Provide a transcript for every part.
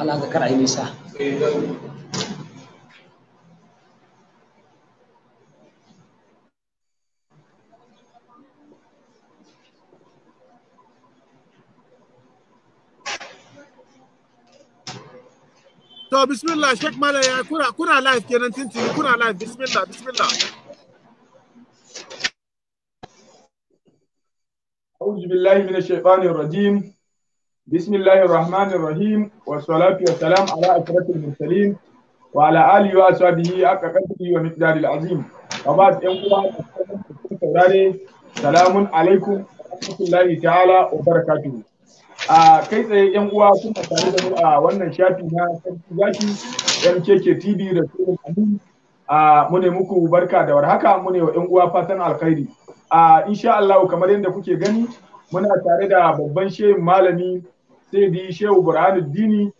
ala ga kar a yi nisa To bismillah shek Mala ya kuna kuna live kenan tintini kuna live bismillah bismillah. أعوذ بالله من الشيطان الرجيم بسم الله الرحمن الرحيم والصلاة والسلام على أشرف المرسلين وعلى آله وأصحابه حق قدره ومقدار العظيم وبعد أن سلام عليكم ورحمة الله تعالى وبركاته a kai tsaye yan uwa suna tare da mu a wannan shafi na sarki zaki mkk tv da tsohon amin mune muku barka da warhaka mune wa yan uwa fatan alkhairi a insha Allah kamar yadda kuke gani muna tare da babban shehin malami sai di shehu burhanu dini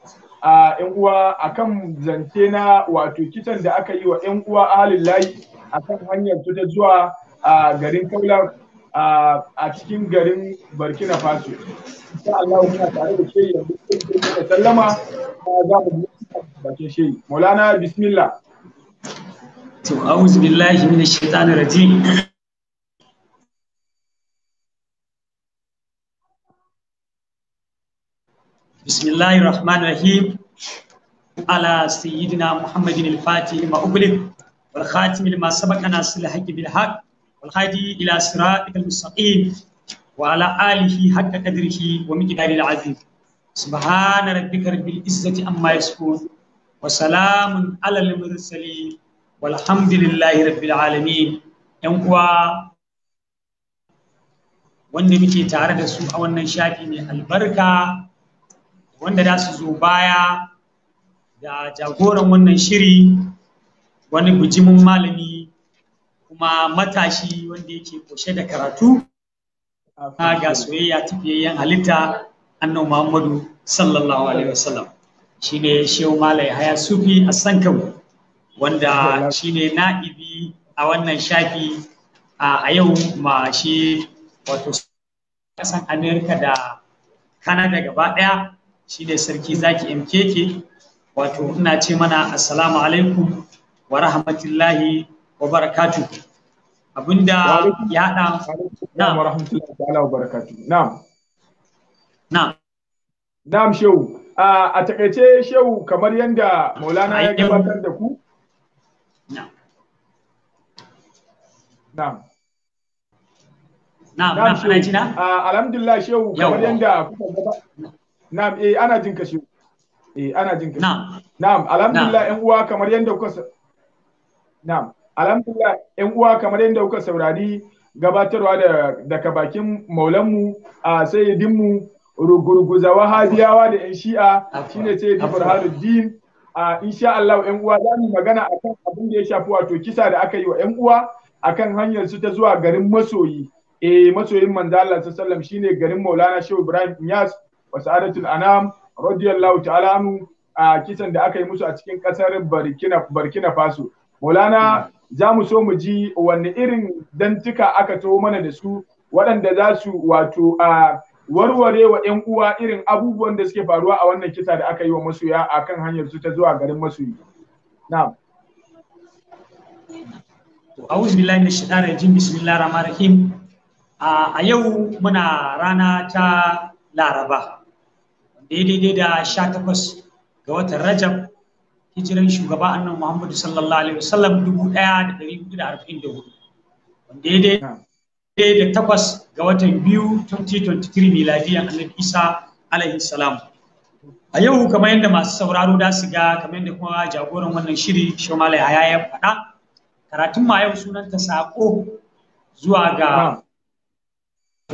a yan uwa akan zance na wato kitan da aka yi wa yan uwa ahalin layi akan hanyar su ta zuwa a garin kaular a cikin garin burkina faso ta Allah muna tare da shehu yanzu sai da sallama za mu bakin shehu maulana bismillah to a'udhu billahi minash shaitanir rajim Bismillahi rahmanir rahim ala sayyidina muhammadin al-fatih ma ughliq wal khatim lima wa ala alihi haqqa qadrihi wa alal mursalin walhamdulillahi rabbil yan uwa wanda muke tare da su a wannan shafi mai albarka wanda za su zo baya da jagoran wannan shiri wani bijimin malami kuma matashi wanda yake koshe da karatu A ga soyayya tafiyayyen halitta annabi Muhammadu sallallahu alaihi wasallam shine Shehu Malai Haya Sufi Assankawi wanda shine na'ibi a wannan shafi a yau ma shi wato kasan Amerika da Kana gaba daya shi sarki zaki mkk wato ina ce mana assalamu alaikum wa rahmatullahi wa barakatu abinda ya haɗa na wa rahmatullahi wa barakatu na'am na'am na'am shehu a takaice shehu kamar yanda maulana ya gabatar da ku na'am na'am na'am na'am ana jina alhamdulillah shehu kamar yadda kuka gabatar Na'am, eh ana jin ka Eh ana jin ka. Na'am. Na'am, alhamdulillah ƴan uwa kamar yanda kuka Na'am, alhamdulillah ƴan uwa kamar yanda kuka saurari gabatarwa da daga bakin maulanmu a sayyidinmu rugurguza wahabiyawa da ƴan shi'a shine ce da Farhaduddin a insha Allah ƴan uwa za mu magana akan abin da ya shafi wato kisa da aka yi wa ƴan uwa akan hanyar su ta zuwa garin masoyi eh masoyin manzo Allah sallallahu alaihi wasallam shine garin Maulana Shehu Ibrahim Iyas wa sa'adatul anam radiyallahu ta'ala anhu a kisan da aka yi musu a cikin kasar Burkina Faso Maulana za mu so mu ji wanne irin dantuka aka to mana da su waɗanda za su wato a warware wa 'yan uwa irin abubuwan da suke faruwa a wannan kisa da aka yi wa masoya a kan hanyar su ta zuwa garin masoyi. Na'am. A'udhu billahi minash shaitanir rajim bismillahir rahmanir rahim. A yau muna rana ta Laraba. daidai da sha takwas ga watan Rajab hijiran shugaba annan Muhammadu sallallahu alaihi wasallam dubu ɗaya da dari hudu da arba'in da hudu daidai da takwas ga watan biyu 2023 miladiyan annabi Isa alaihi salam a yau kamar yadda masu sauraro da su ga kamar yadda kuma jagoran wannan shiri Shomala haya ya faɗa karatun ma yau ta saƙo zuwa ga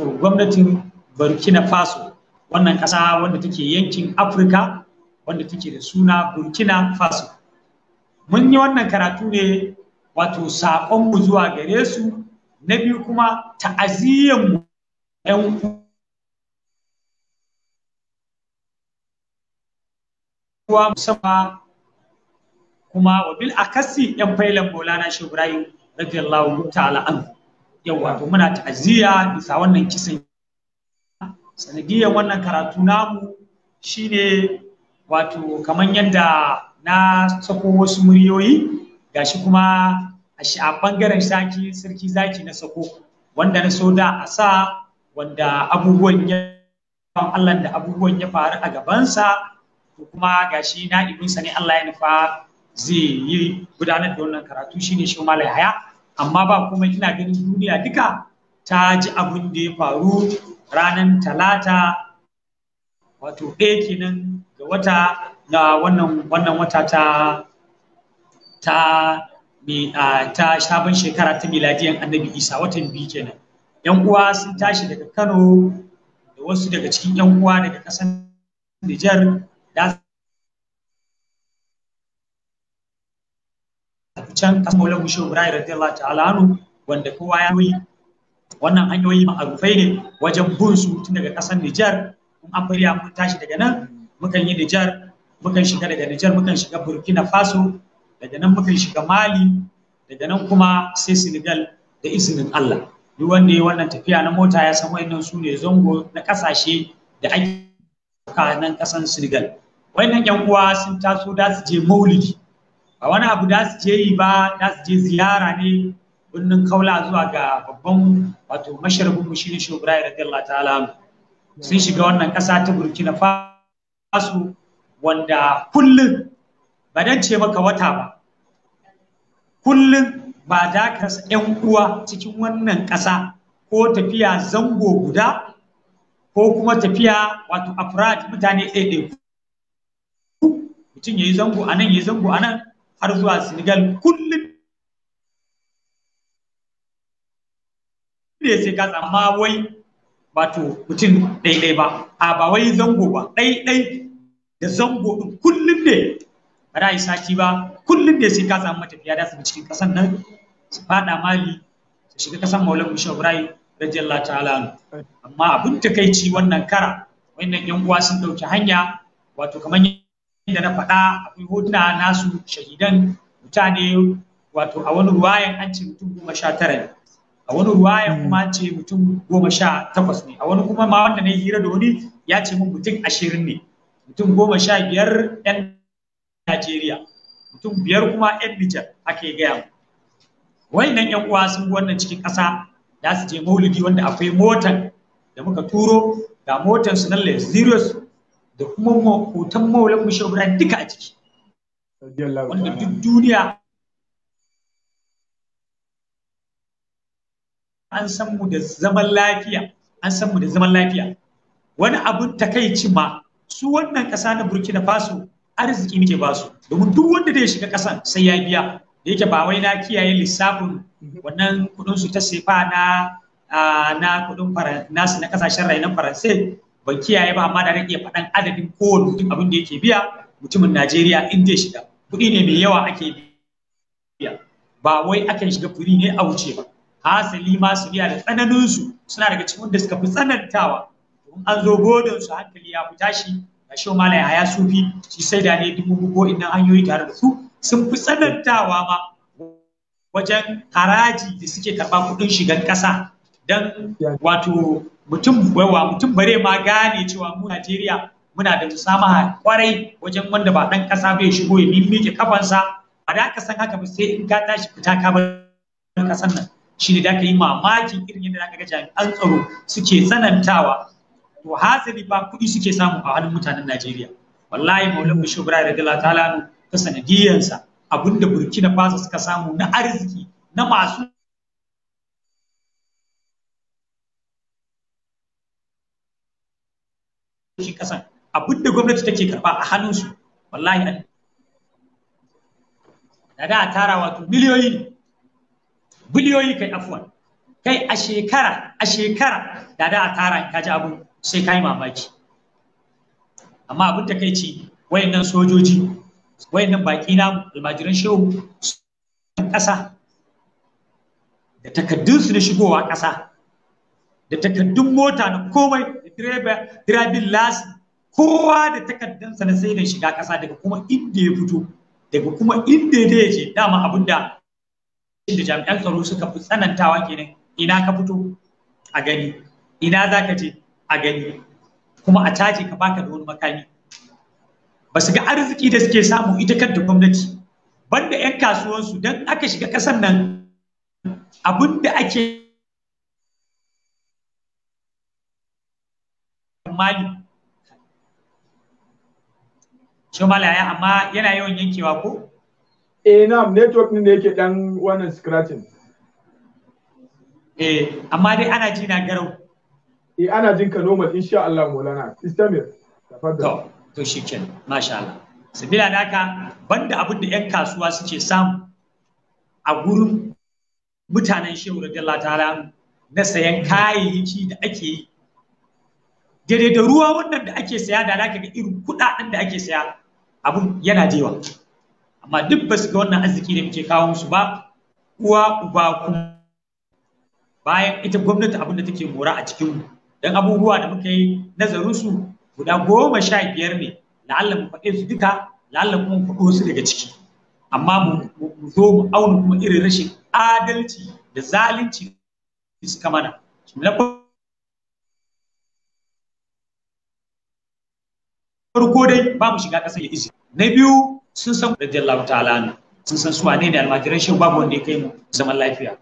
gwamnatin Burkina Faso wannan ƙasa wanda take yankin afirka wanda take da suna burkina faso mun yi wannan karatu ne wato saƙonmu zuwa gare su na biyu kuma ta'aziyyanmu yan uwa musamman kuma wabil akasi yan failan bolana shehu ibrahim radiyallahu ta'ala an yau wato muna ta'aziyya bisa wannan kisan sanadiyar wannan karatu namu shine wato kamar yadda na sako wasu muryoyi gashi kuma a bangaren saki sarki zaki na sako wanda na so a sa wanda abubuwan ya Allah da abubuwan ya faru a gabansa kuma gashi na ibinsa ne Allah ya nufa zai yi gudanar da wannan karatu shine shi malai haya amma ba kuma ina ganin duniya duka ta ji abun da ya faru Ranan talata wato ɗaya kenan ga wata na wannan wannan wata ta ta ta sabon shekara ta miladiyan annabi isa watan biyu kenan yan uwa sun tashi daga kano da wasu daga cikin yan uwa daga ƙasar nijar da can kasar maulana shehu ibrahim radiyallahu ta'ala wanda kowa ya yi wannan hanyoyi ma'arufai ne wajen bin su tun daga ƙasar Nijar in an mun tashi daga nan mukan yi Nijar mukan shiga daga Nijar mukan shiga Burkina Faso daga nan mukan shiga Mali daga nan kuma sai Senegal da izinin Allah duk wanda wannan tafiya na mota ya san wayannan su ne zango na kasashe da ake nan kasar Senegal wayannan yan uwa sun taso da su je maulidi ba wani abu da su je yi ba da su je ziyara ne kunnin kaula zuwa ga babban wato masharabin mu shine Shehu Ibrahim radiyallahu ta'ala sun shiga wannan kasa ta Burkina Faso wanda kullun ba dan ce maka wata ba kullun ba za ka ‘yan uwa cikin wannan ƙasa ko tafiya zango guda ko kuma tafiya wato afrad mutane ɗaiɗai mutum ya yi zango a nan ya yi zango a nan har zuwa senegal kullun ne sai ka amma wai wato mutum ɗaiɗai ba a ba wai zango ba ɗaiɗai da zango ɗin kullum ne ba da yi sati ba kullum ne sai ka samu matafiya da su cikin ƙasan nan su faɗa mali su shiga ƙasan maulan bishop ibrahim radiyallahu ta'ala amma abin takaici wannan kara wannan yan uwa sun ɗauki hanya wato kamar yadda na faɗa akwai hotuna nasu shahidan mutane wato a wani ruwayan an ce mutum goma sha tara ne a wani ruwayan hmm. kuma ce mutum goma sha takwas ne a wani kuma ma wanda na yi hira da wani ya ce mun mutum ashirin ne mutum goma sha biyar yan Najeriya mutum biyar kuma yan Nijar ake gaya mu nan yan uwa sun wannan cikin ƙasa za su je maulidi wanda akwai motan da muka turo ga motan su nan lezirus da kuma hoton maulan mu duka a ciki wanda duk duniya an san mu da zaman lafiya an san mu da zaman lafiya wani abun takaici ma su wannan ƙasa na burkina faso arziki muke ba su domin duk wanda da ya shiga ƙasan sai ya biya da yake ba wai na kiyaye lissafin wannan kudin su ta sefa na na nasu na ƙasashen rainan faransai ban kiyaye ba amma da rage faɗan adadin kowane mutum abin da yake biya mutumin najeriya in zai shiga kuɗi ne mai yawa ake biya ba wai akan shiga kuɗi ne a wuce ba hasali ma su biya da tsananin su suna daga cikin wanda suka fi tsanantawa in an zo godon su hankali ya fita shi ga shi malai haya sufi shi sai da ne dubu ko idan hanyoyi tare da su sun fi tsanantawa ma wajen haraji da suke karɓa kuɗin shigan ƙasa don wato mutum baiwa mutum bare ma gane cewa mu Najeriya muna da musama kwarai wajen wanda ba ɗan ƙasa bai shigo ya mimmike kafansa ba da ka san haka ba sai in ka tashi fita ka bar kasan nan shi ne da ka yi mamakin irin yadda za ka ga jami'an tsaro suke tsanantawa, to hasali ba kuɗi suke samu a hannun mutanen Najeriya wallahi Maulana Bashir da Dala ta lanu ta sanadiyansa abinda Burkina Faso suka samu na arziki na masu shi kasan abinda gwamnati take karba a hannunsu wallahi da da tara wato miliyoyi biliyoyi kai afuwa. kai a shekara a shekara da da a tara ka ji abun sai kai mamaki amma abin da kai ce wayannan sojoji wayannan baki na almajiran shehu kasa, da takaddun su na shigowa kasa, da takaddun mota na komai da direbin las kowa da takaddun sa na sai da shiga kasa daga kuma inda ya fito daga kuma inda ya je dama abin da da jami'an tsaro suka fi tsanantawa kenan ina ka fito a gani ina za ka je a gani kuma a caje ka baka da wani makami ba su ga arziki da suke samu ita kanta gwamnati banda 'yan kasuwansu don aka shiga kasan nan abin da ake mali shi amma yana yawan yankewa ko eh na network ne yake dan wannan scratching eh amma dai ana ji na garau eh ana jin ka normal insha Allah Maulana istamir to to shikenan masha Allah sabila da haka banda abin da 'yan kasuwa suke samu a gurin mutanen shehu radiyallahu ta'ala na sayan kayayyaki da ake yi daidai da ruwa wannan da ake saya da zaka ga irin kuɗaɗen da ake saya abun yana jewa amma duk ba su ga wannan arziki da muke kawo musu ba uwa uba ku? bayan ita gwamnati abin da take mora a cikin dan abubuwa da muka yi nazarin su guda goma sha biyar ne la'alla mu faɗe su duka la'alla Allah mu faɗo su daga ciki amma mu zo mu auna kuma irin rashin adalci da zalunci da suka mana farko dai ba mu shiga ƙasar ya izi na biyu sun san radiyallahu ta'ala sun san su wane ne almajiran shi babu wanda ya kai mu zaman lafiya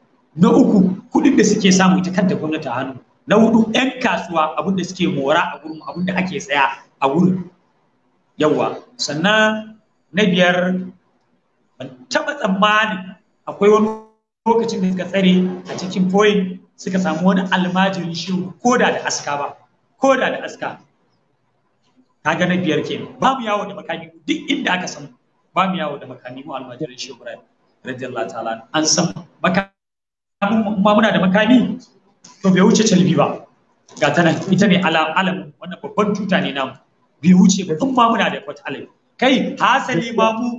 na uku kuɗin da suke samu ita kanta gwamnati a hannu na hudu yan kasuwa abin suke mora a gurin abin ake tsaya a gurin yawa sannan na biyar ban taɓa tsammanin akwai wani lokacin da suka tsare a cikin point suka samu wani almajirin shi ko da da aska ba ko da da aska ga na biyar kenan babu yawo da makami duk inda aka samu ba mu yawo da makami mu almajiran shehu ibrahim radiyallahu ta'ala an san makami? mu muna da makami to bai wuce calbi ba ga ta nan ita ne alamu wannan babban tuta ne namu bai wuce ba in ma muna da wata alamu kai hasali ma mu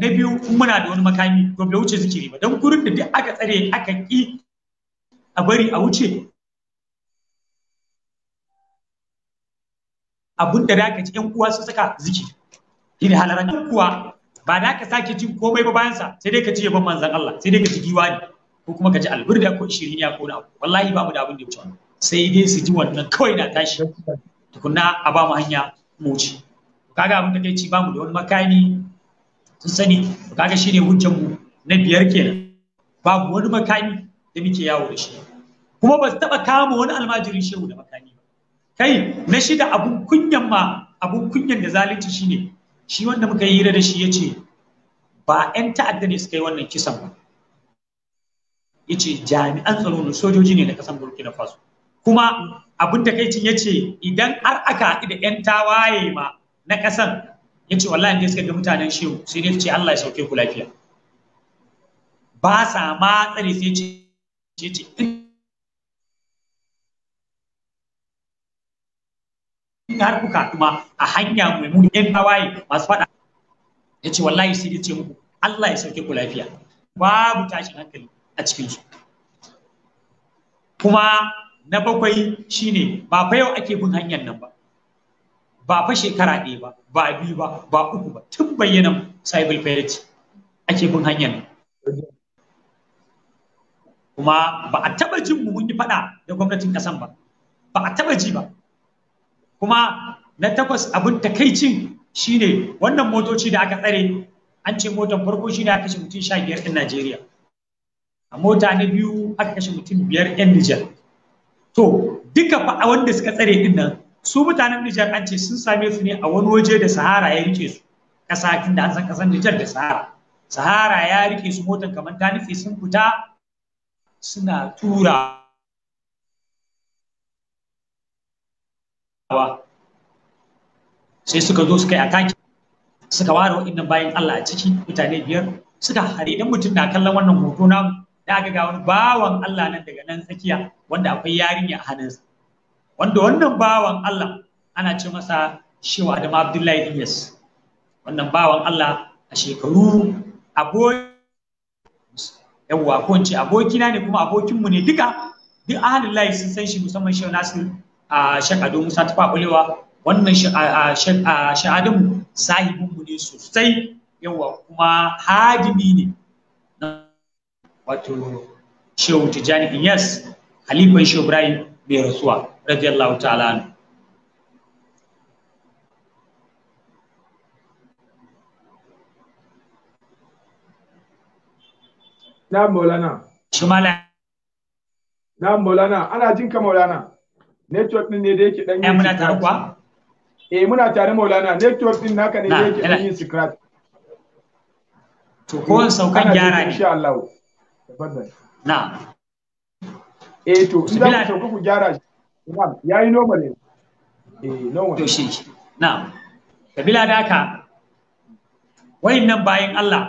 na biyu in muna da wani makami to bai wuce zikiri ba don gurin da duk aka tsare aka ki a bari a wuce abun da da aka ci yan uwa su saka zikiri shine halaran kuwa ba za ka sake jin komai ba bayansa, sai dai ka ci yaban manzon Allah sai dai ka ji giwa ne ko kuma ka ji alburda ko ishirin ya ko na abu wallahi ba mu da abin da ya wuce sai dai su ji wannan kawai na tashi tukunna a ba mu hanya mu ci kaga abin da kai ci ba mu da wani makami sun sani kaga shine hujjar mu na biyar kenan babu wani makami da muke yawo da shi kuma ba su taba kama wani almajirin shehu da makami ba kai na shida abun kunyan ma abun kunyan da zalunci shine shi wanda muka yi hira da shi ya ce ba 'yan ta'adda ne suka yi wannan kisan ba ya ce jami'an tsaro ne sojoji ne da kasan burkina faso kuma abin takaicin ya ce idan har aka haɗu da 'yan tawaye ma na kasan ya ce wallahi da suka ga mutanen shi sai dai ce Allah ya sauke ku lafiya ba sa ma tsare sai ce ce in har kuka kuma a hanya mai mun yan hawaye masu faɗa ya ce wallahi sai ya ce muku Allah ya sauke ku lafiya babu tashin hankali a cikin su kuma na bakwai shine ba fa yau ake bin hanyar nan ba ba fa shekara ɗaya ba ba biyu ba ba uku ba tun bayyana cyber piracy ake bin hanyar nan kuma ba a taba jin mu mun yi faɗa da gwamnatin kasan ba ba a taba ji ba kuma na takwas abin takaicin shine wannan motoci da aka tsare an ce motar farko shine aka kashe mutum sha biyar ɗin Najeriya a mota na biyu aka kashe mutum biyar ɗin Nijar to duka fa wanda suka tsare ɗin nan su mutanen Nijar an ce sun same su ne a wani waje da Sahara ya rike su ƙasa da an san ƙasar Nijar da Sahara Sahara ya rike su motar kamar ta nufi sun fita suna tura hawa sai suka zo suka yi ataki suka ware waɗannan bayan Allah a ciki mutane biyar suka hare idan mutum na kallon wannan hoto na da aka ga wani bawan Allah nan daga nan tsakiya wanda akwai yarinya a hannunsa wanda wannan bawan Allah ana ce masa shewa da Abdullahi Ilyas wannan bawan Allah a shekaru aboki yawwa ko in ce abokina ne kuma abokinmu ne duka duk ahalin layi sun san shi musamman shehu Nasir a shek ado musa ta kwakulewa wannan sha'adin sahibinmu ne sosai yawa kuma hadimi ne wato shehu tijjani yes halifan shehu ibrahim mai rasuwa radiyallahu ta'ala anhu Na Maulana. Shi Maulana. Na Maulana, ana jinka Maulana. network din ne da yake dan yin eh, muna tare kwa eh muna tare maulana network din naka ne da yake dan yin scratch to ko saukan gyara ne insha Allah na eh to in za ku sauka ku gyara shi yayi normal ne eh normal to shi na kabila da haka wayannan bayin Allah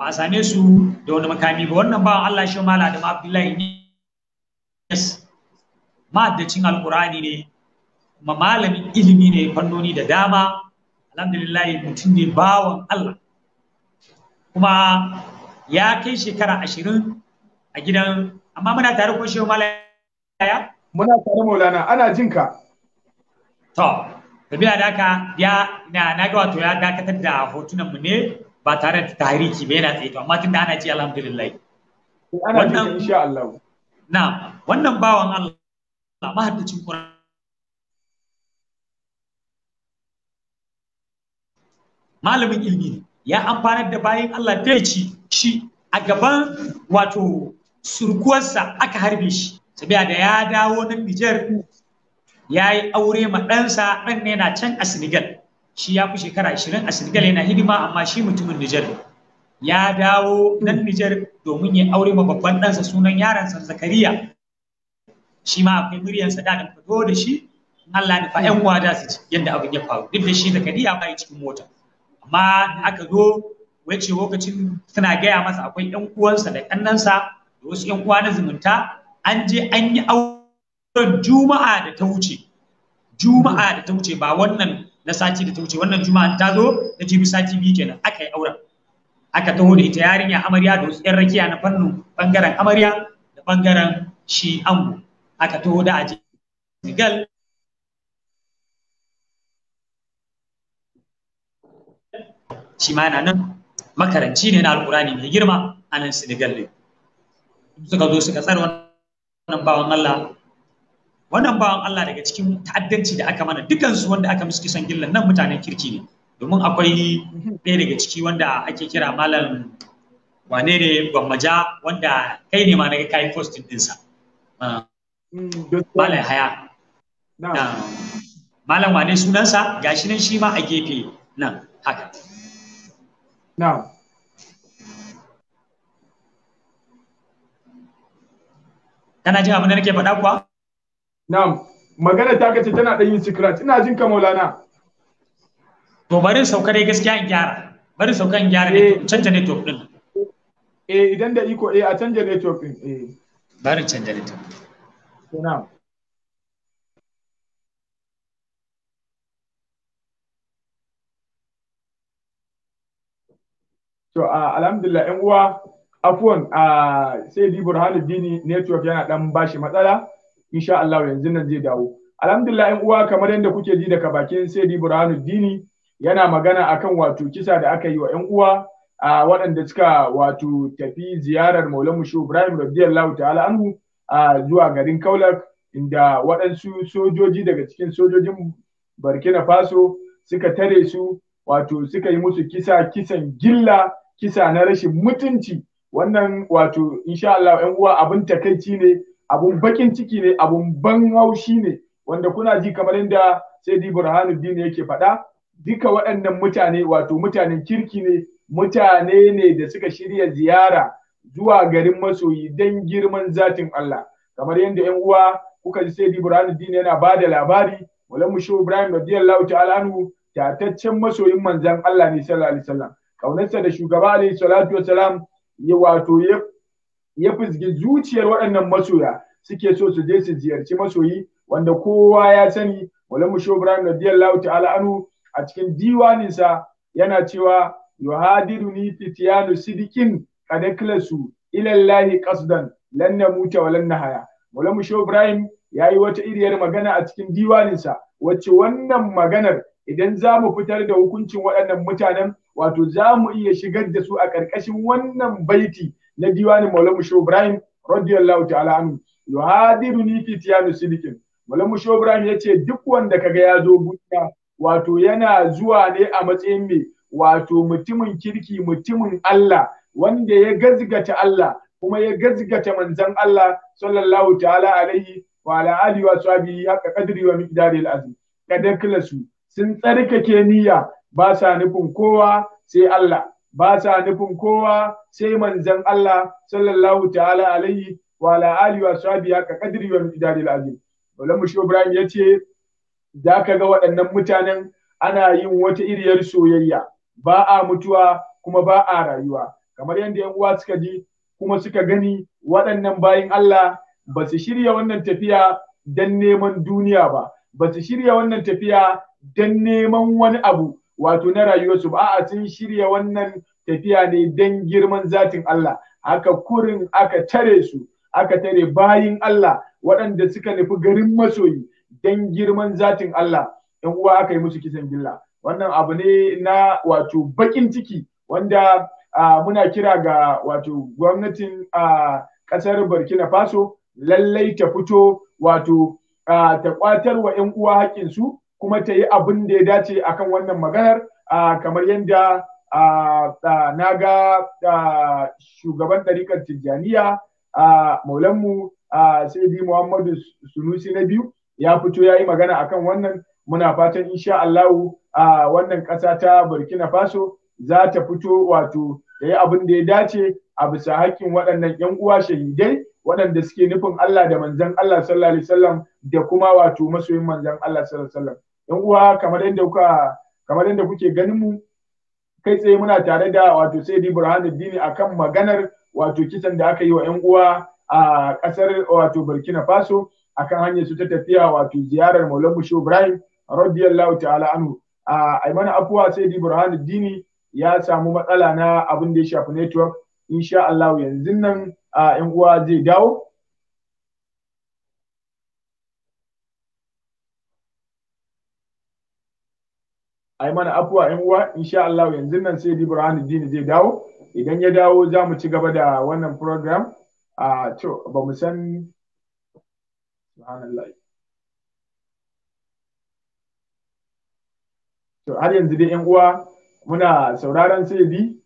ba a same su da wani makami ba wannan ba Allah shi mala da Abdullahi ne mahaddacin alkurani ne kuma malamin ilimi ne fannoni da dama Alhamdulillahi mutum ne bawan Allah kuma ya kai shekara ashirin a gidan amma muna tare ko shehu malaya muna tare maulana ana jin ka to kabila da haka ya na na ga wato ya dakatar da hotunan mu ne ba tare da tahriki ba yana tsaye to amma tunda ana ji alhamdulillah wannan insha Allah na wannan bawan Allah mahaddacin kura malamin ilmi ne ya amfanar da bayan Allah da ci shi a gaban wato surkuwarsa aka harbe shi sabiya da ya dawo nan Nijar ya yi aure ma ɗansa ɗan ne na can a Senegal shi ya fi shekara 20 a Senegal yana hidima amma shi mutumin Nijar ya dawo nan Nijar domin ya aure ma babban ɗansa sunan yaransa Zakariya shi ma akwai muryarsa da da fito da shi Allah da fa ƴan uwa da su ci yadda abin ya faru duk da shi Zakariya bai cikin mota amma da aka zo wace lokacin suna gaya masa akwai ƴan uwansa da ƙannansa da wasu ƴan uwa na zumunta an je an yi auren juma'a da ta wuce juma'a da ta wuce ba wannan na sati da ta wuce wannan juma'a ta zo da jibi sati biyu kenan aka yi auren aka taho da ita yarinya amarya da wasu 'yan rakiya na fannin bangaren amarya da bangaren shi ango aka taho da aji gal shi ma yana nan makaranci ne na Alƙurani, mai girma a nan Senegal ne suka zo suka tsara wannan bawan Allah wannan bawan Allah daga cikin ta'addanci da aka mana dukansu wanda aka musu kisan gillan nan mutanen kirki ne domin akwai ɗaya daga ciki wanda ake kira malam wane ne gwammaja wanda kai ne ma na kai postin ɗinsa ah, Malam haya. Malam wane sunansa gashi nan shi ma a gefe nan haka. Na'am. Kana jin abin da nake faɗa kuwa? Na'am, magana ta kace tana ɗan yin sikirat, Ina jin ka Maulana. To bari saukar dai gaskiya in gyara. Bari saukar in gyara eh. ne canja network din. Eh idan da iko eh a canja network din. Eh. Bari canja network. Genau. To, uh, alhamdulillah ‘yan uwa, afuwan uh, sai di Burhanuddini network yana ɗan bashi matsala, insha Allah yanzu nan zai dawo. Alhamdulillah ‘yan uwa kamar yadda kuke ji daga bakin sai di Burhanuddini yana magana akan wato kisa da aka yi wa ‘yan uwa uh, waɗanda suka wato tafi ziyarar Maulana Mushu Ibrahim radiyallahu ta'ala anhu zuwa garin Kaulak inda waɗansu sojoji daga cikin sojojin Burkina Faso suka tare su wato suka yi musu kisa kisan gilla kisa na rashin mutunci wannan wato insha Allah ƴan uwa abin takaici ne abun bakin ciki ne abun ban haushi ne wanda kuna ji kamar inda Saidi Burhanuddin yake faɗa duka waɗannan mutane wato mutanen kirki ne mutane ne da suka shirya ziyara zuwa garin masoyi dan girman zatin Allah kamar yadda yan uwa kuka ji sai Ibrahim yana ba da labari walamma shi Ibrahim radiyallahu ta'ala anhu tataccen masoyin manzan Allah ne sallallahu alaihi wasallam kaunarsa da shugaba alaihi salatu wasalam ya wato ya fizgi zuciyar waɗannan masoya suke so su je su ziyarci masoyi wanda kowa ya sani walamma shi Ibrahim radiyallahu ta'ala anhu a cikin diwaninsa yana cewa yuhadiruni fitiyanu sidikin قد اكلسوا الى الله قصدا لن نموت ولن نحيا ولم شو ابراهيم yayi wata iriyar magana a cikin diwaninsa wacce wannan maganar idan zamu fitar da hukuncin waɗannan mutanen wato zamu iya shigar da su a ƙarƙashin wannan baiti na diwanin maulamu shehu ibrahim radiyallahu ta'ala anhu yuhadiruni fi tiyanu sidikin maulamu shehu ibrahim ya duk wanda kaga ya zo gudiya wato yana zuwa ne a matsayin mai wato mutumin kirki mutumin allah wanda ya gazgata Allah kuma ya gazgata manzan Allah sallallahu ta'ala alaihi wa ala alihi wa sahbihi haka kadri wa miqdaril azim su, sun tsarkake niyya ba sa nufin kowa sai Allah ba sa nufin kowa sai manzan Allah sallallahu ta'ala alaihi wa ala alihi wa sahbihi haka kadri wa miqdaril azim wala mushi Ibrahim ya ce za ka ga waɗannan mutanen ana yin wata iriyar soyayya ba a mutuwa kuma ba a rayuwa kamar yadda yan uwa suka ji kuma suka gani waɗannan bayin Allah ba su shirya wannan tafiya don neman duniya ba ba su shirya wannan tafiya don neman wani abu wato na rayuwarsu ba a'a sun shirya wannan tafiya ne don girman zatin Allah aka kurin aka tare su aka tare bayin Allah waɗanda suka nufi garin masoyi don girman zatin Allah yan uwa aka yi musu kisan gilla wannan abu ne na wato bakin ciki wanda Ah, muna kira ga wato gwamnatin ah, ƙasar Burkina Faso lallai ta fito wato ah, ta kwatar wa 'yan uwa haƙƙinsu kuma ta yi abin da ya dace akan wannan maganar kamar yadda na ga shugaban ɗarikar Tijjaniya maulanmu Saidi Muhammadu Sunusi na biyu ya fito ya yi magana akan wannan muna fatan insha Allahu wannan ƙasa ta Burkina Faso za ta fito wato ta yi abin da ya dace a bisa hakkin waɗannan 'yan uwa shahidai waɗanda suke nufin Allah da manzan Allah sallallahu alaihi wasallam da kuma wato masoyin manzan Allah sallallahu alaihi wasallam yan uwa kamar yadda kuka kamar yadda kuke ganin mu kai tsaye muna tare da wato Sayyidi Burhanuddin akan maganar wato kisan da aka yi wa yan uwa a kasar wato Burkina Faso akan hanyar su ta tafiya wato ziyarar Maulana Musho Ibrahim radiyallahu ta'ala anhu a mana afuwa Sayyidi Burhanuddin ya samu matsala na abin da ya shafi network insha Allah yanzu nan a yan uwa zai dawo ai mana afuwa yan uwa insha Allah yanzu nan sai Ibrahim Dini zai dawo idan ya dawo za mu ci gaba da wannan program a to ba mu san subhanallah to har yanzu dai yan uwa muna sauraron sai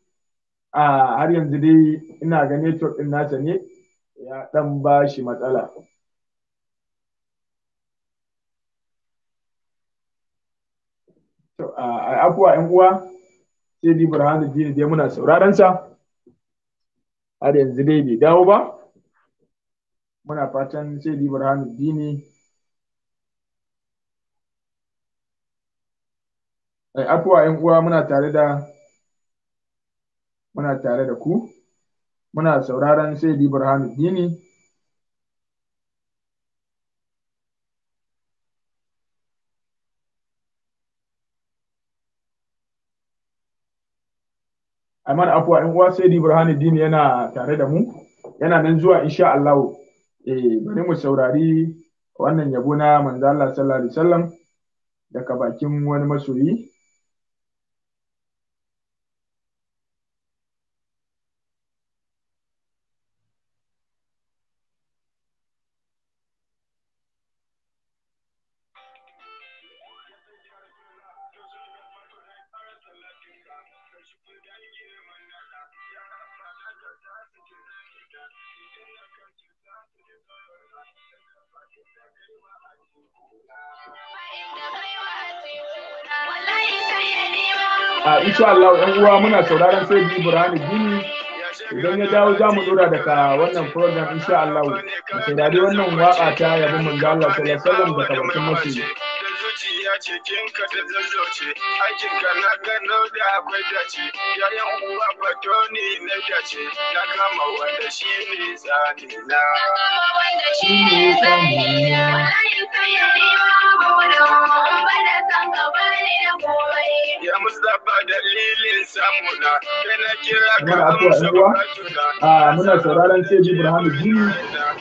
a har yanzu dai ina ga network din nasa ne ya dan ba shi matsala a afuwa yan uwa sai di da dini dai muna sauraron sa har yanzu dai bai dawo ba muna fatan sai di da dini Eh, afuwa yan uwa muna tare da muna tare da ku muna sauraron saidi burhanu dini Aman afuwa yan uwa saidi burhanu dini yana tare da mu yana nan zuwa insha Allah eh bari mu saurari wannan yabo na manzo Allah sallallahu alaihi wasallam daga bakin wani masoyi insha Allah yan uwa muna sauraron sai bi Ibrahim Gini idan ya dawo za mu dora daga wannan program insha Allah mu saurari wannan waka ta yabi manzo Allah sallallahu alaihi wasallam da kabarin masoyi ya ce kinka da zazzauce aikin ka na gano da akwai dace Ya yayan uwa batoni na dace na kama wanda shi ne Zane na wanda shi ne tsani na rayu ka yare ba ba da san gaba ne da komai ya mustapha dalilin samuna kana kira ka amsa bukatuna a ah, muna sauraron sai ibrahim jini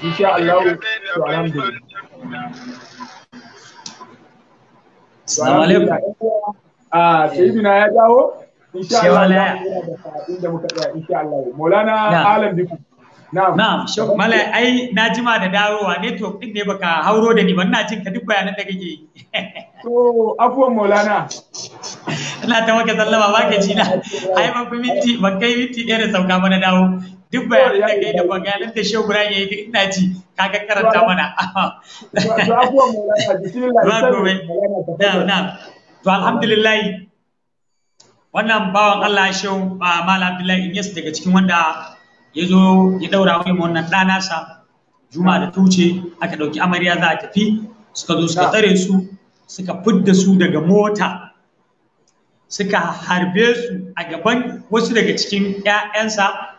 insha Allah to alhamdulillah Assalamu ah, ya dawo? Na'am. Mala ai na jima da dawowa network din ne baka hauro da ni ba ina jin ka duk bayanan da kake yi. To afuwan Maulana. Ina ta maka sallama ba ka ji na. Ai ban fi minti ban kai minti ɗaya da sauka ba na dawo. duk bayanan da kai da bayanan da shehu Ibrahim yayi ina ji kaga karanta mana to abuwan alhamdulillah wannan bawan Allah shehu malam Abdullahi Inyas daga cikin wanda ya zo ya daura wani wannan dana sa juma da tuce aka ɗauki amarya za a tafi suka zo suka tsare su suka fidda su daga mota suka harbe su a gaban wasu daga cikin 'ya'yansa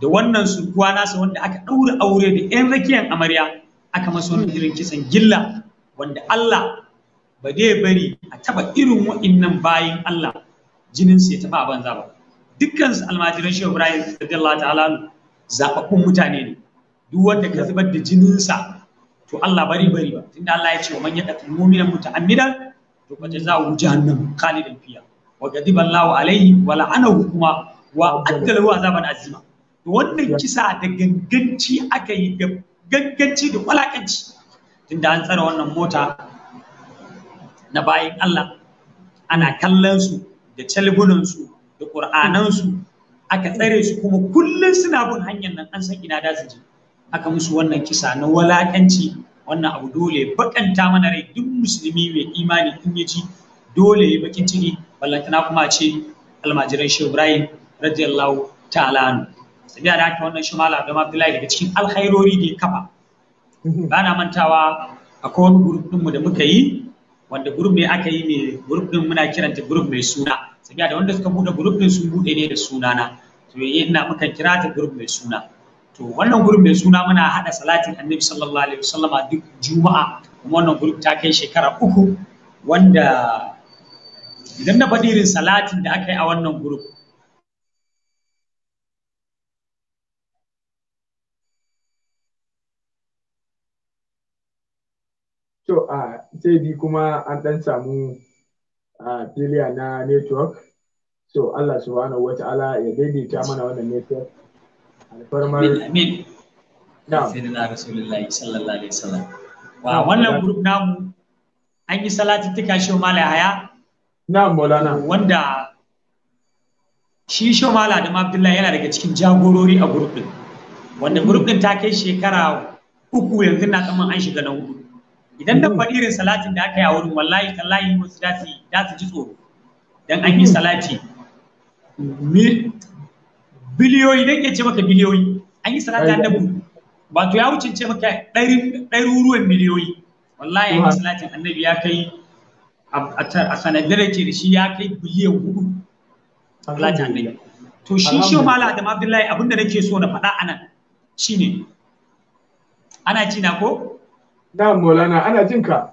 da wannan surkuwa nasa wanda aka ɗaura aure da 'yan rakiyar amarya aka masu wani irin kisan gilla wanda Allah ba dai bari a taba irin wa'innan bayan Allah jinin su ya taba a banza ba Dukkansu almajiran shehu Ibrahim radiyallahu ta'ala zababbun mutane ne duk wanda ka zubar da jininsa sa to Allah bari bari ba tunda Allah ya ce wa man yaqtul mu'mina muta'ammidan to fa jazaa'u jahannam khalidan fiya wa ghadiba Allahu alaihi wa la'anahu kuma wa adda lahu azaban azima wannan kisa da ganganci aka yi da ganganci da kwalakanci tunda an tsara wannan mota na bayan Allah ana kallon su da su, da su, aka tsare su kuma kullum suna bin hanyar nan an san ina da su je aka musu wannan kisa na walakanci wannan abu dole bakanta mana rai duk musulmi mai imani in ya ji dole ya bakin ciki ballantana kuma ce almajiran shehu ibrahim radiyallahu ta'ala anhu sabiya da haka wannan shi malam Adamu Abdullahi daga cikin alkhairori da kafa ba na mantawa akwai wani group mu da muka yi wanda group ne aka yi ne group din muna kiranta group mai suna sabiya da wanda suka bude group din sun bude ne da sunana to eh, ina muka kira ta group mai suna to wannan gurin mai suna muna hada salatin annabi sallallahu alaihi wasallam duk juma'a kuma wannan gurin ta kai shekara uku wanda idan na faɗi irin salatin da aka yi a wannan gurin to a sai di kuma an ɗan samu a filiya na network so Allah subhanahu wa ta'ala ya daidaita mana wannan network alfarmar amin sayyidina rasulullahi sallallahu alaihi wasallam wa wannan group namu an yi salatittika shi mala haya na maulana wanda shi shi mala da abdullahi yana daga cikin jagorori a group din wanda group din ta kai shekara uku yanzu na kaman an shiga na hudu idan da faɗi mm. irin salatin da aka yi a wurin wallahi tallahi wasu da su da su ji tsoro dan an yi mm. salati biliyoyi dan ke ce maka biliyoyi an yi salati annabi wato ya wuce ce maka ɗaruruwan miliyoyi wallahi an yi mm. salatin annabi ya kai a sanadar ce da shi ya kai biliyan hudu salatin annabi to shi shi mala adam abdullahi abinda nake so na faɗa anan shine ana ci na ko na Maulana ana jin ka.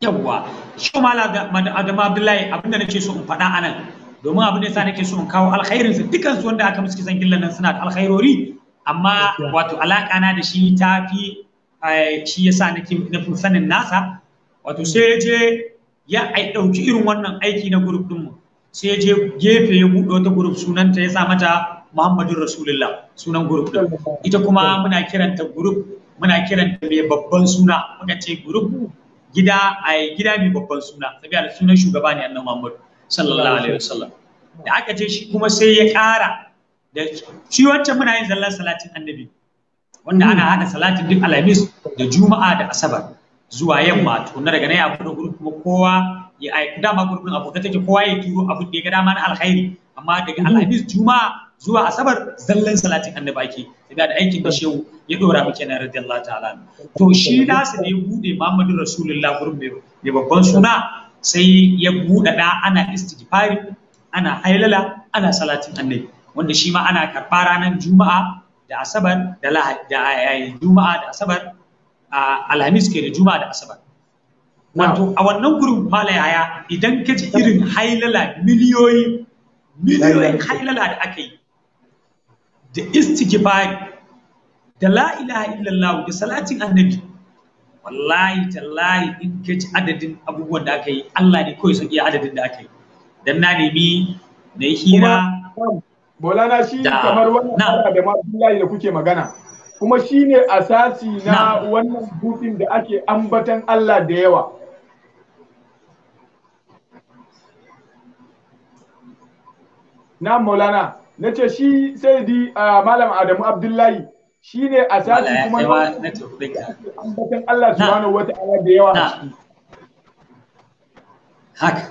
Yawwa, shi Malam Adamu Abdullahi abinda nake so in faɗa anan domin abin da yasa nake so in kawo alkhairin su dukkan su wanda aka musu kisan gillan nan suna da alkhairori amma wato alaka na da shi ta fi eh, shi yasa nake na fi sanin nasa wato sai ya je ya ɗauki irin wannan aiki na grup mu. sai ya je gefe ya buɗe wata grup sunanta ya sa mata Muhammadun Rasulullah sunan grup ɗin ita kuma muna kiranta grup muna kiranta mai babban suna muka ce gurubu gida a gida mai babban suna sabiya da sunan shugaba ne annabi Muhammad sallallahu alaihi wasallam da aka ce shi kuma sai ya ƙara da shi wancan muna yin zallar salatin annabi wanda ana hada salatin duk alhamis da juma'a da asabar zuwa yamma to na daga nan ya fara gurubu kuma kowa ya ai dama gurubun abokai take kowa ya turo abin da ya ga dama na alkhairi amma daga alhamis juma'a zuwa asabar zallan salatin annaba ake saboda da aikin da ya dora mu kenan radiyallahu ta'ala to shi nasu ne bude Muhammadu rasulullahi gurin mai babban suna sai ya buɗe da ana istighfari ana hailala ana salatin annabi wanda shi ma ana karɓa ranar juma'a da asabar da lahadi eh, juma'a da asabar alhamis ke da juma'a da asabar wato a wannan gurin malaya idan ka ji irin hailala miliyoyi miliyoyin hailala da aka yi da istighfar da la ilaha illallah da salatin annabi wallahi tallahi in kace adadin abubuwan da aka yi Allah ne kawai sauki adadin da aka yi dan na nemi na yi hira Bolana shi kamar wannan da ma billahi da kuke magana kuma shi ne asasi na wannan hutun da ake ambatan Allah da yawa. Na molana na ce shi sai di malam adamu abdullahi shi ne a sati kuma na ambatan Allah wani wata ala da yawa haka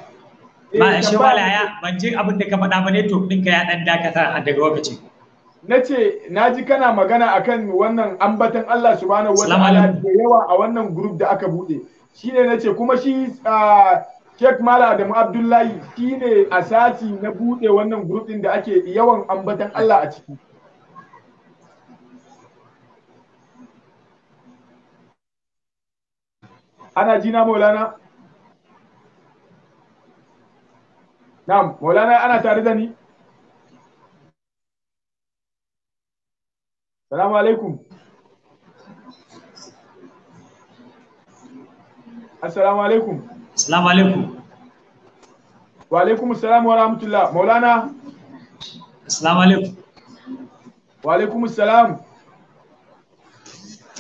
ba eh, shi wala ya ji abin da ka faɗa ba ne to ɗinka ya ɗan dakata daga lokacin na ce na ji kana magana a kan wannan ambatan Allah wani wata ala da yawa a wannan gurub da aka buɗe shi ne na ce kuma shi Sheikh Mala Adamu Abdullahi shi ne na bude wannan din da ake yawan ambatan Allah a ciki. Ana jina Maulana? Na'am, Maulana ana tare da ni? Salamu alaikum. Assalamu alaikum. Assalamu alaikum. Wa alaikum assalam wa rahmatullah. Maulana. Assalamu alaikum. Wa alaikum assalam.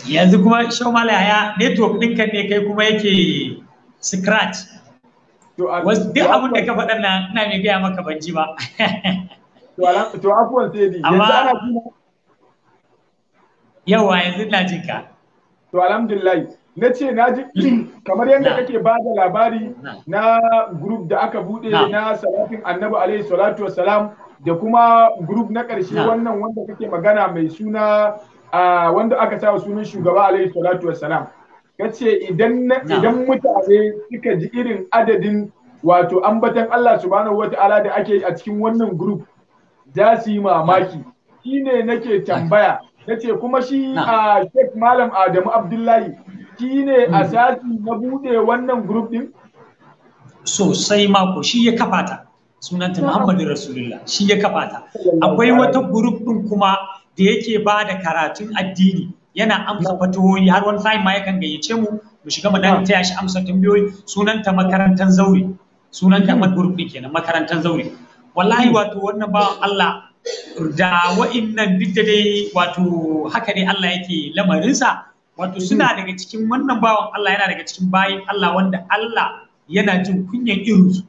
Yanzu kuma shau malaya network ɗinka ne kai kuma yake scratch. Wasu duk abin da ka faɗa na ina mai gaya maka ban ji ba. To afuwan sai di. Amma yawa yanzu na jinka. To alhamdulillah. na ce na ji kamar yadda kake ba da labari na group da aka bude na salatin annabi alaihi salatu wassalam da kuma group na ƙarshe wannan wanda kake magana mai suna wanda aka sa sunan shugaba alaihi salatu wassalam ka ce idan mutane suka ji irin adadin wato ambatan Allah subhanahu wata'ala da ake a cikin wannan group za su yi mamaki shine nake tambaya Nace kuma shi a Sheikh Malam Adamu Abdullahi shi ne hmm. sati na bude wannan group din sosai mako shi ya kafa ta sunanta Muhammadu Rasulullah shi ya kafa ta akwai wata group din kuma da yake ba da karatun addini yana amsa fatoyi har wani sa'in ma yakan gayyace mu mu shiga mu dan taya shi amsa tambayoyi sunanta makarantan zauri sunanta ta hmm. group din kenan makarantan zauri wallahi hmm. wato wannan ba Allah da wa'innan duk da dai wato haka dai Allah yake lamarinsa wato suna daga cikin wannan bawan Allah yana daga cikin bayin Allah wanda Allah yana jin kunyan irin su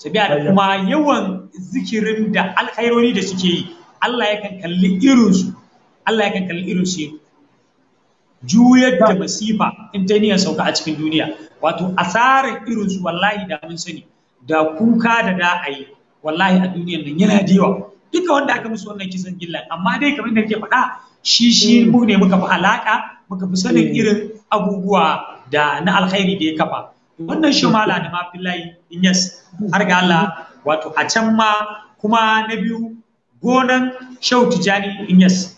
sabiya da kuma yawan zikirin da alkhaironi da suke yi Allah yakan kalli irin su Allah yakan kalli irin su juyar da masifa in ta niyan sauka a cikin duniya wato asarar irin su wallahi da mun sani da kuka da da a wallahi a duniyar nan yana da yawa duka wanda aka musu wannan kisan gilla amma dai kamar da kake faɗa shi shi mu ne muka fi alaƙa. muka fi sanin eh. irin abubuwa da na alkhairi da ya kafa wannan shi mala da mafillahi in yes har ga Allah wato a can ma kuma na biyu gonan shau tijani in yes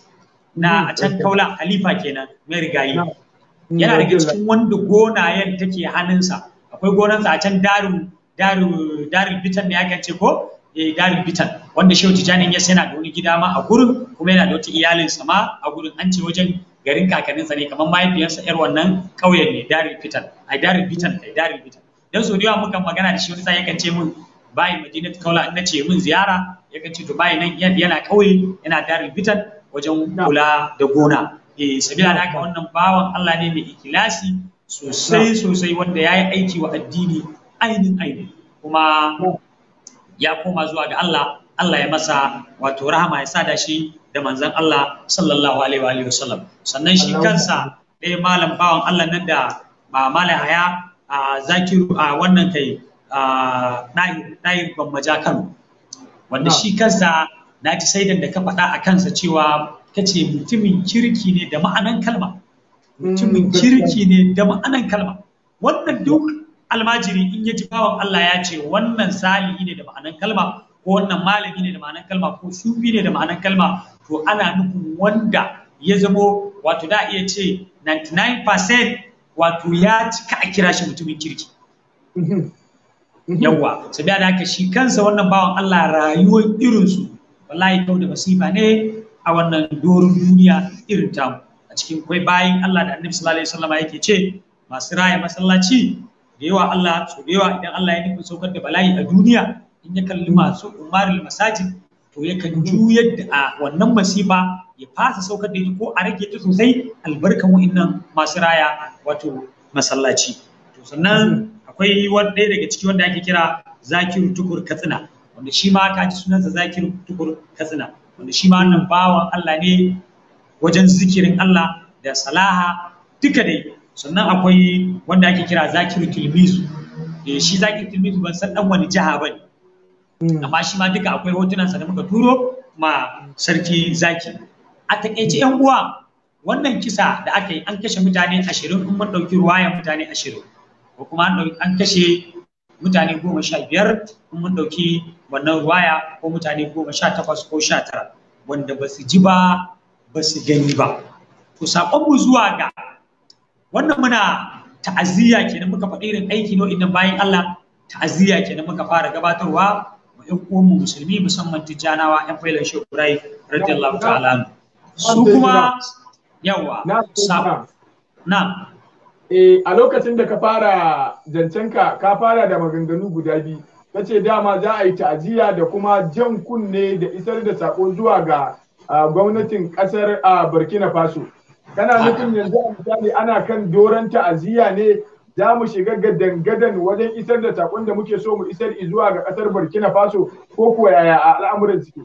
na a can mm. kaula halifa kenan mai rigayi mm, yana daga cikin wanda gonayen take hannunsa akwai gonansa a can darin daru daru bitan ne aka ce ko eh darin bitan wanda shehu tijani yes yana da wani gida ma a gurin kuma yana da wata iyalinsa ma a gurin an ce wajen garin kakanninsa ne kamar mahaifiyarsa yar wannan ƙauyen ne daril fitan ai daril fitan kai daril fitan dan so da muka magana da shi wani sai yakan ce mun bai madinat kaula in nace mun ziyara yakan ce to bai nan yana ƙauye yana daril fitan wajen kula da gona eh sabila da haka wannan bawan Allah ne mai ikilasi sosai sosai wanda yayi aiki wa addini ainin ainin kuma ya koma zuwa ga Allah Allah ya masa wato rahama ya sada shi da manzon Allah sallallahu alaihi wa sallam sannan shi kansa dai malam bawan Allah nan da ba malam haya a zakiru a wannan kai a ban maja Kano wanda shi kansa na ji saidan da ka faɗa a kansa cewa kace mutumin kirki ne da ma'anan kalma mutumin mm, kirki ne da ma'anan kalma wannan duk almajiri in ya ji bawan Allah ya ce wannan salihi ne da ma'anan kalma ko wannan malami ne da ma'anar kalma ko sufi ne da ma'anar kalma to ana nufin wanda ya zamo wato da iya ce 99% wato ya cika a kira shi mutumin kirki yawwa sabi da haka shi kansa wannan bawan Allah rayuwar irinsu wallahi kau da masifa ne a wannan doron duniya irin tamu a cikin kwai bayan Allah da annabi sallallahu alaihi wasallam yake ce masu raya masallaci da yawa Allah so da yawa idan Allah ya nufin saukar da bala'i a duniya in ya kalli masu umarul masajid to yakan ju yadda a wannan masifa ya fasa saukar da ko a rage ta sosai albarkan wa'annan masu raya wato masallaci to sannan akwai wani ɗaya daga ciki wanda ake kira zakir tukur katsina wanda shi ma ka ji sunansa zakiru tukur katsina wanda shi ma wannan bawan Allah ne wajen zikirin Allah da salaha duka dai sannan akwai wanda ake kira zakiru tilmizu eh, shi zakir tilmizu ban san dan wani jiha bane Hmm. amma shi ma duka akwai hotunan sa da muka turo ma sarki zaki a takaice yan uwa wannan kisa da aka yi an kashe mutane ashirin in mun ɗauki ruwayan mutane ashirin ko kuma an kashe mutane goma sha biyar in mun ɗauki wannan ruwaya ko mutane goma sha takwas ko sha tara wanda ba su ji ba ba su gani ba to saƙonmu zuwa ga wannan muna ta'aziyya kenan muka faɗi irin aiki no idan bayan Allah ta'aziyya kenan muka fara gabatarwa ƴan uwanmu musulmi musamman tijjanawa ƴan failan shekurai ibrahim radiyallahu ta'ala su kuma yawa sabo na eh, a lokacin da ka fara zancenka ka fara da maganganu guda biyu ta ce dama za a yi ta'aziyya da kuma jan kunne da isar da sako zuwa ga gwamnatin kasar burkina faso kana nufin yanzu a misali ana kan doron ta'aziyya ne za mu shiga ga dangadan wajen isar da sakon da muke so mu isar zuwa ga kasar Burkina Faso ko kuwa yaya a al'amuran suke.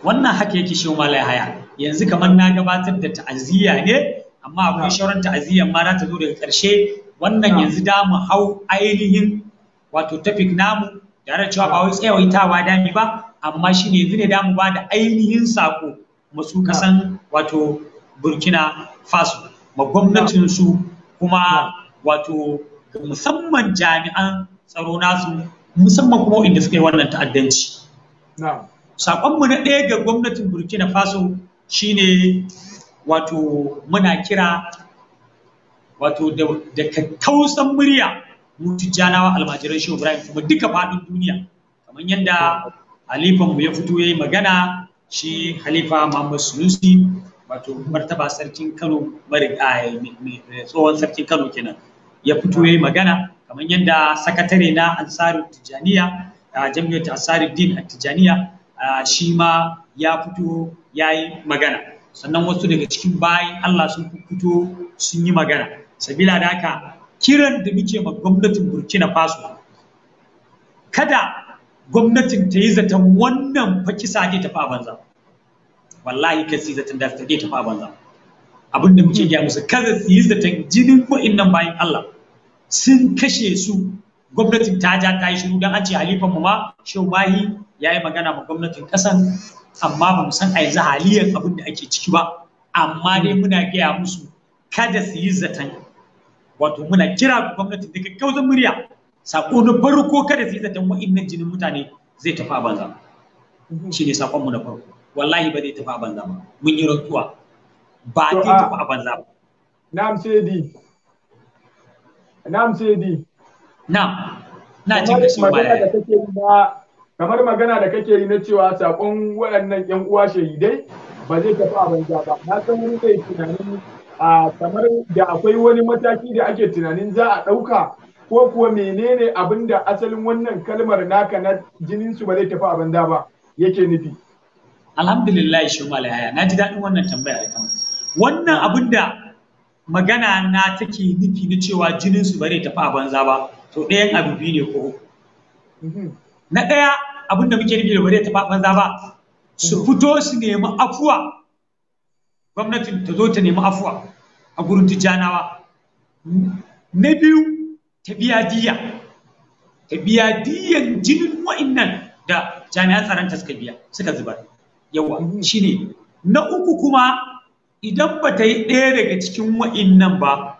Wannan haka yake shi ma Haya yanzu kamar na gabatar da ta'aziyya ne amma akwai shauran ta'aziyyar ma za ta zo daga ƙarshe wannan yanzu da mu hau ainihin wato topic namu tare da cewa ba wai tsayawaitawa dami ba amma shi ne yanzu ne da mu ba da ainihin sako masu kasan wato Burkina Faso ma gwamnatin su kuma wato musamman jami'an tsaro nasu musamman kuma inda suka yi wannan ta'addanci. Saƙonmu na ɗaya ga gwamnatin Burkina Faso shine wato muna kira wato da kakkausan murya mutu janawa almajiran shi Ibrahim kuma duka faɗin duniya kamar yadda mu ya fito ya yi magana shi halifa Muhammad Sulusi wato martaba sarkin Kano tsohon sarkin Kano kenan. ya fito ya yi magana kamar yadda sakatare na ansarin Tijaniya, a jami'ar ansarin din a Tijaniya, shi ma ya fito ya yi magana sannan wasu daga cikin bayan allah sun fito sun yi magana sabila da haka kiran da muke ma gwamnatin burkina faso kada gwamnatin ta yi zaton wannan fakisa kisa banza wallahi kasi zaton da ta tafi banza abin da muke gaya musu kada su yi zaton jinin wa'innan bayan Allah sun kashe su gwamnatin ta ja ta yi shiru don an ce halifan mu ma shau bahi ya yi magana ma gwamnatin kasan amma ba mu san a yanzu haliyan abin da ake ciki ba amma dai muna gaya musu kada su yi zaton wato muna kira gwamnatin daga kauzan murya sako na farko kada su yi zaton wa'innan jinin mutane zai tafi a banza shi ne sakonmu na farko wallahi ba zai tafi a banza ba mun yi rantuwa ba ke tafi a banza ba. Na'am sai di. Na'am sai Na'am. Na cin kashi ba da Kamar magana da kake yi na cewa sakon waɗannan ‘yan uwa shahidai ba zai tafi a banza ba. Na san wani zai tunanin kamar da akwai wani mataki da ake tunanin za a ɗauka ko kuwa menene abin da asalin wannan kalmar naka na jininsu ba zai tafi a banza ba yake nufi. Alhamdulillah shi malaya na ji daɗin wannan tambaya da kama. wannan abin da magana na take nufi na cewa jinin su bare tafi a banza ba to ɗayan abu biyu ne ko na ɗaya abin da muke nufi da bare tafi a banza ba su fito su nemi afuwa gwamnatin ta zo ta nemi afuwa a gurin tijjanawa na biyu ta biya diya ta biya diyan jinin wa'innan da jami'an tsaron ta suka biya suka zubar yawa shine na uku kuma idan ba ta yi ɗaya daga cikin wa'innan ba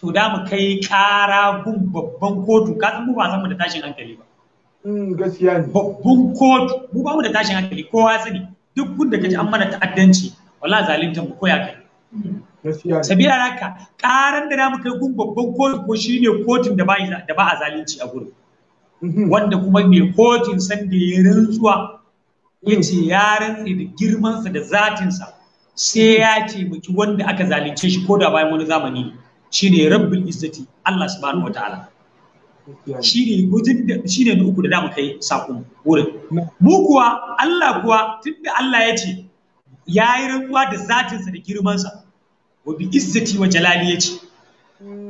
to da mu kai ƙara gun babban kotu ka san mu ba mu da tashin hankali ba mm, gaskiya ne babban kotu mu ba mu da tashin hankali kowa sani duk gun da kaji an mana ta'addanci wala zalunta mu koya kai sabiya raka ƙaran da namu kai gun babban kotu ko shine kotun da ba da ba a zalunci a gurin mm-hmm. wanda kuma mai kotun san da ya rantsuwa yace ya rantsi da girmansa da zatinsa sai ya taimaki wanda aka zalunce shi ko da bayan wani zamani shine rabbul izzati Allah subhanahu wataala shine gudun da ne na uku da damu kai sakon wurin mu kuwa Allah kuwa tunda Allah ya ce ya yi rantsuwa da zatinsa da girmansa wa bi izzati wa jalali ya ce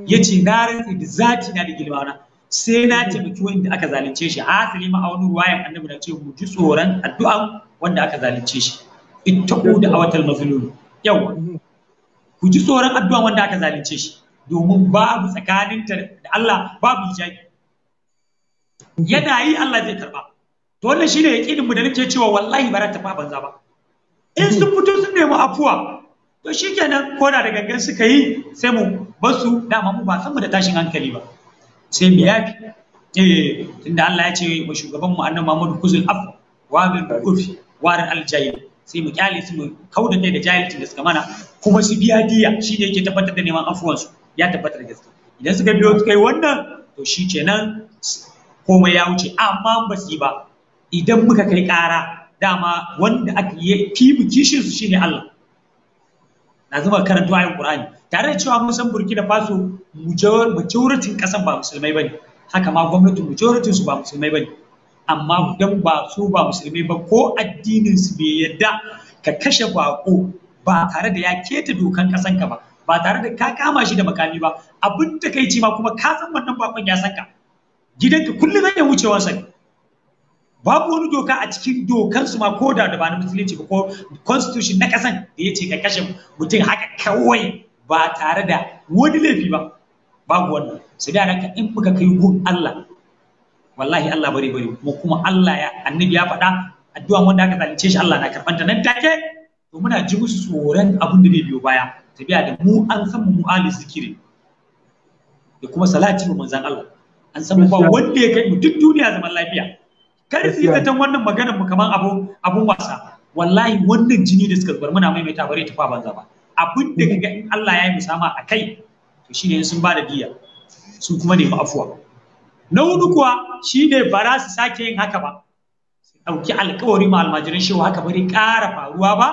ya ce na rantsi da zati na da girmana sai na taimaki wanda aka zalunce shi hasali ma a wani ruwayan annabi na ce mu ji tsoron addu'an wanda aka zalunce shi ittaqu da'awatal mazlum yau ku ji tsoron addu'a wanda aka zalunce shi domin babu tsakaninta da Allah babu hijabi yana yi Allah zai karba to wannan shine yaqinin mu da nake cewa wallahi ba ta fa banza ba in sun fito sun nemi afuwa to shikenan ko da gangan suka yi sai mu basu dama mu ba san mu da tashin hankali ba sai mu yafi eh tunda Allah ya ce wa shugaban mu annabi Muhammadu kuzul af wa bil warin aljahil sai mu kyale su mu kauda da jahilcin da suka mana kuma su biya diya shi ne yake tabbatar da neman su ya tabbatar da gaske idan suka biyo suka wannan to shi kenan komai ya wuce amma ba su yi ba idan muka kai kara dama wanda aka yi fi mu kishin su shine Allah na zama karanto ayin Qur'ani tare da cewa mun san Burkina Faso majoritin kasan ba musulmai bane haka ma gwamnatin majoritin su ba musulmai bane amma don ba su ba musulmi ba ko addinin su bai yadda ka kashe bako ba tare da ya keta dokan kasan ka ba ba tare da ka kama shi da makami ba abin da kai ma kuma ka san wannan bakon ya san ka gidanka kullum zai wucewa sa babu wani doka a cikin dokan su ma ko da da ba na musulunci ba ko constitution na kasan da ce ka kashe mutum haka kawai ba tare da wani laifi ba babu wannan sai da in muka kai gun Allah wallahi Allah bari bari ko kuma Allah ya annabi ya faɗa addu'a wanda aka zalunce shi Allah na karɓanta nan take to muna ji musu tsoron abin da zai biyo baya tabiya da mu an san mu ali zikiri da kuma salati mu manzan Allah an san ba wanda ya kai mu duk duniya zaman lafiya kar su yi zaton wannan maganar mu kamar abun abun wasa wallahi wannan jini da suka zubar muna maimaita bare ta fa banza ba abin da kaga in Allah ya yi musama a kai to shine sun ba da diya sun kuma nemi afuwa na hudu kuwa shine ba za su sake yin haka ba ɗauki alkawari ma almajiran shi haka bari ƙara faruwa ba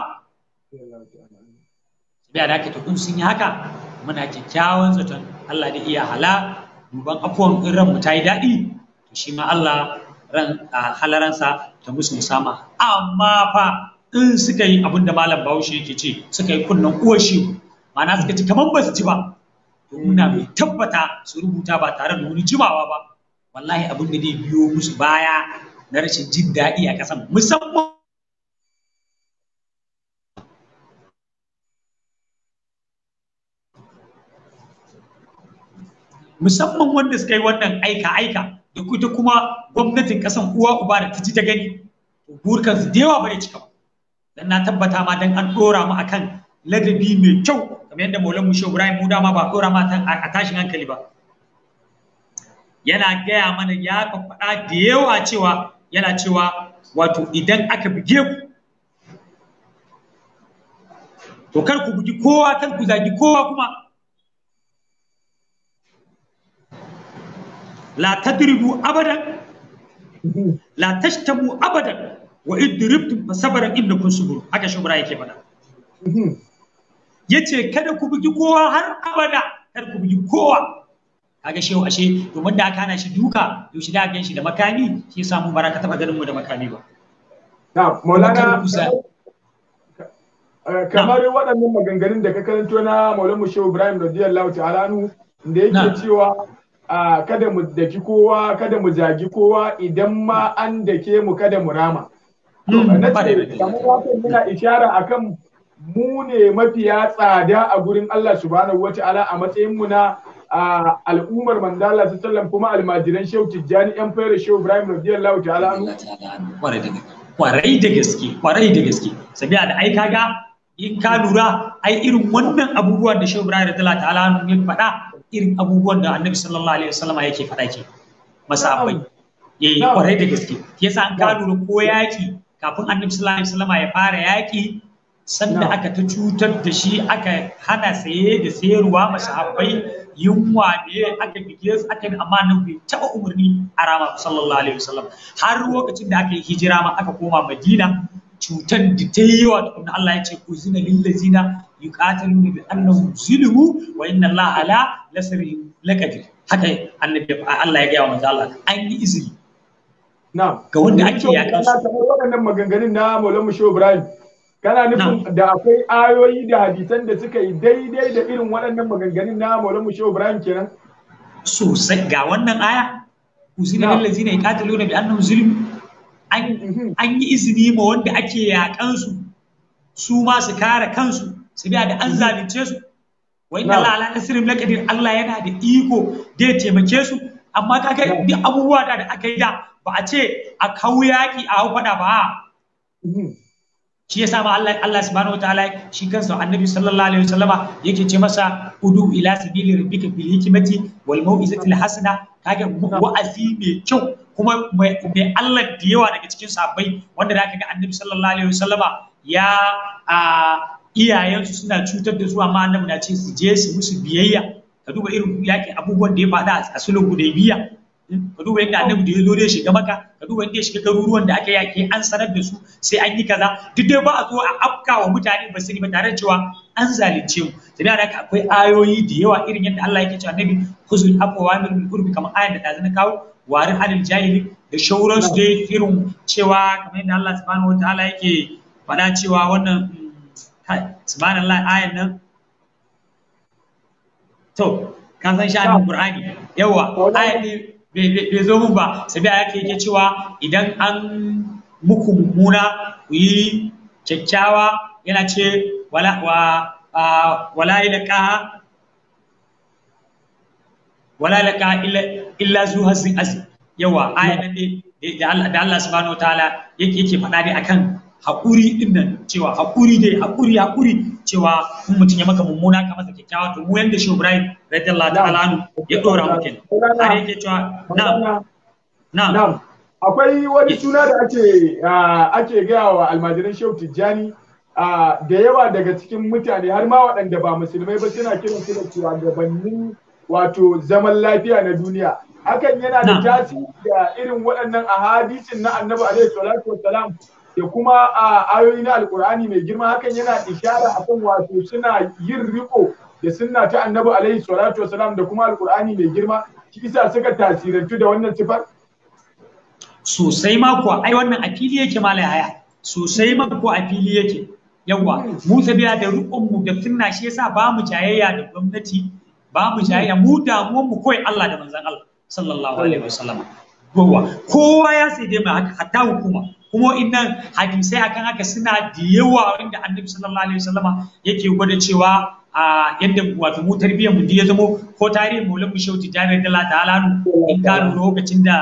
da da ka tafi sun yi haka muna kyakkyawan zaton Allah da iya hala duban afuwan in ranmu ta yi daɗi to shi ma Allah ran halaransa ta musu musama amma fa in suka yi abin da malam bahaushe yake ce suka yi kunnan uwar shi ma'ana suka ci kamar ba su ci ba to muna mai tabbata su rubuta ba tare da wani jimawa ba wallahi abin da zai biyo musu baya na rashin jin daɗi a ƙasan musamman musamman wanda suka yi wannan aika-aika da ita kuma gwamnatin ƙasan uwa uba da ta ji ta gani burkan su da yawa bai cika dan na tabbata ma dan an dora mu akan ladabi mai kyau kamar yadda maulan mu shehu ibrahim mu dama ba dora ma a tashin hankali ba yana gaya mana ya faɗa da yawa cewa yana cewa wato idan aka buge ku to kar ku bugi kowa kar ku zagi kowa kuma la tadribu abadan la tashtamu abadan wa idribtum fasabaran innakum subur haka shubra yake faɗa mhm. yace kada ku bugi kowa har abada kar ku bugi kowa kaga shehu ashe domin da aka hana shi duka yaushe da aka shi da makami shi yasa mun baraka taba ganin mu da makami ba na maulana eh, kamar waɗannan maganganun da ka karanto na maulana shehu ibrahim radiyallahu ta'ala nu da yake cewa ah, kada mu daki kowa kada mu zagi kowa idan ma an dake mu kada mu rama hmm, kamar wakan ishara akan mu ne mafiya tsada a gurin Allah subhanahu wa ta'ala a matsayin mu na a al'ummar mandala su sallan kuma almajiran shehu tijjani yan fere shehu ibrahim radiyallahu ta'ala anhu kwarai da gaske kwarai da gaske sabiya da ai kaga in ka lura ai irin wannan abubuwan da shehu ibrahim radiyallahu ta'ala anhu ya faɗa irin abubuwan da annabi sallallahu alaihi wasallam yake faɗa ke ya yi eh, kwarai da gaske yasa an ka lura ko yaki kafin annabi sallallahu alaihi wasallam ya fara yaki sanda aka ta cutar da shi aka hana saye da sayarwa masahabbai yunwa ne aka bige su aka yi amma nan bai taɓa umarni a rama sallallahu alaihi wasallam har lokacin da aka yi hijira ma aka koma madina cutan da ta yi yawa tukunna Allah ya ce ku zina lillazina yuqatiluna bi annahu zulmu wa inna Allah ala lasrihim laqadir haka annabi Allah ya ga manzo Allah an yi izini na ga wanda ake yaƙa su waɗannan maganganun na Maulana Shehu Ibrahim kana nufin da akwai ayoyi da hadisan da suka yi daidai da irin waɗannan maganganun na Maulana Mushe Ibrahim kenan sosai ga wannan aya uzina lil ladzina yuqatiluna bi annahum zulm mhm. an yi izini ma wanda ake yaƙan su su ma su kare kansu su biya da an mhm. zalunce su wai Allah ala nasirin lakadir Allah yana da iko da ya taimake su amma kaga duk abubuwa da aka yi da ba a ce a kawo yaki a hau ba mhm. shi yasa ba Allah Allah subhanahu wataala shi kansa annabi sallallahu alaihi wasallama yake ce masa udu ila sabili rabbika bil hikmati wal mau'izati al hasana kage wa'azi mai kyau kuma mai Allah da yawa daga cikin sahabbai wanda da ga annabi sallallahu alaihi wasallama ya iyayensu suna cutar da su amma annabi na ce su je su musu biyayya ka duba irin yakin abubuwan da ya faɗa a sulhu da biya. ka duba yadda annabi da ya zo zai shiga maka ka duba yadda ya shiga garuruwan da aka yaki an sanar da su sai an yi kaza duk dai ba a zo a afka wa mutane ba sani ba tare da cewa an zalunce mu tabi da akwai ayoyi da yawa irin yadda Allah yake cewa annabi khuzul afwa wa amir bil qurbi kamar ayar da ta kawo warin alil jahili da shauran su dai irin cewa kamar yadda Allah subhanahu wataala yake faɗa cewa wannan subhanallah ayan nan to ka san sha'anin Qur'ani yawa ayan bai zo mun ba sai bai yake yake cewa idan an muku mummuna ku yi kyakkyawa yana ce wala wa wala ilaka wala ilaka illa zu hazin yawa ayatan da Allah subhanahu wataala yake yake faɗa dai akan haƙuri din nan cewa haƙuri dai haƙuri haƙuri cewa mun mutum ya maka mummuna ka masa kyakkyawa to mu yanda shi Ibrahim radiyallahu ta'ala anhu ya dora mu kenan har yake cewa na'am na'am akwai wani suna da ake ake gaya wa almajiran Shehu Tijjani da yawa daga cikin mutane har ma waɗanda ba musulmai ba suna kiran su da shugabannin wato zaman lafiya na duniya hakan yana da tasiri da irin waɗannan ahadisin na annabi alaihi salatu wassalam da kuma ayoyi na alkur'ani mai girma hakan yana ishara kan wato suna yin riko da sunna ta annabi alaihi salatu wasalam da kuma alkur'ani mai girma shi isa suka tasirantu da wannan sifar sosai ma ko ai wannan a fili yake mala haya sosai ma ko a fili yake yawa mu tabiya da rukun mu da sunna shi yasa ba mu jayayya da gwamnati ba mu jayayya mu da mu kawai Allah da manzon Allah sallallahu alaihi wasallam kowa ya sai dai mai hatta hukuma kuma innan hadisai akan haka suna da yawa inda annabi sallallahu alaihi wasallama yake gwada cewa a yadda wato mu tarbiyyar mu ya zamo ko tarihin maulan bishau tijjani da la ta'ala in lokacin da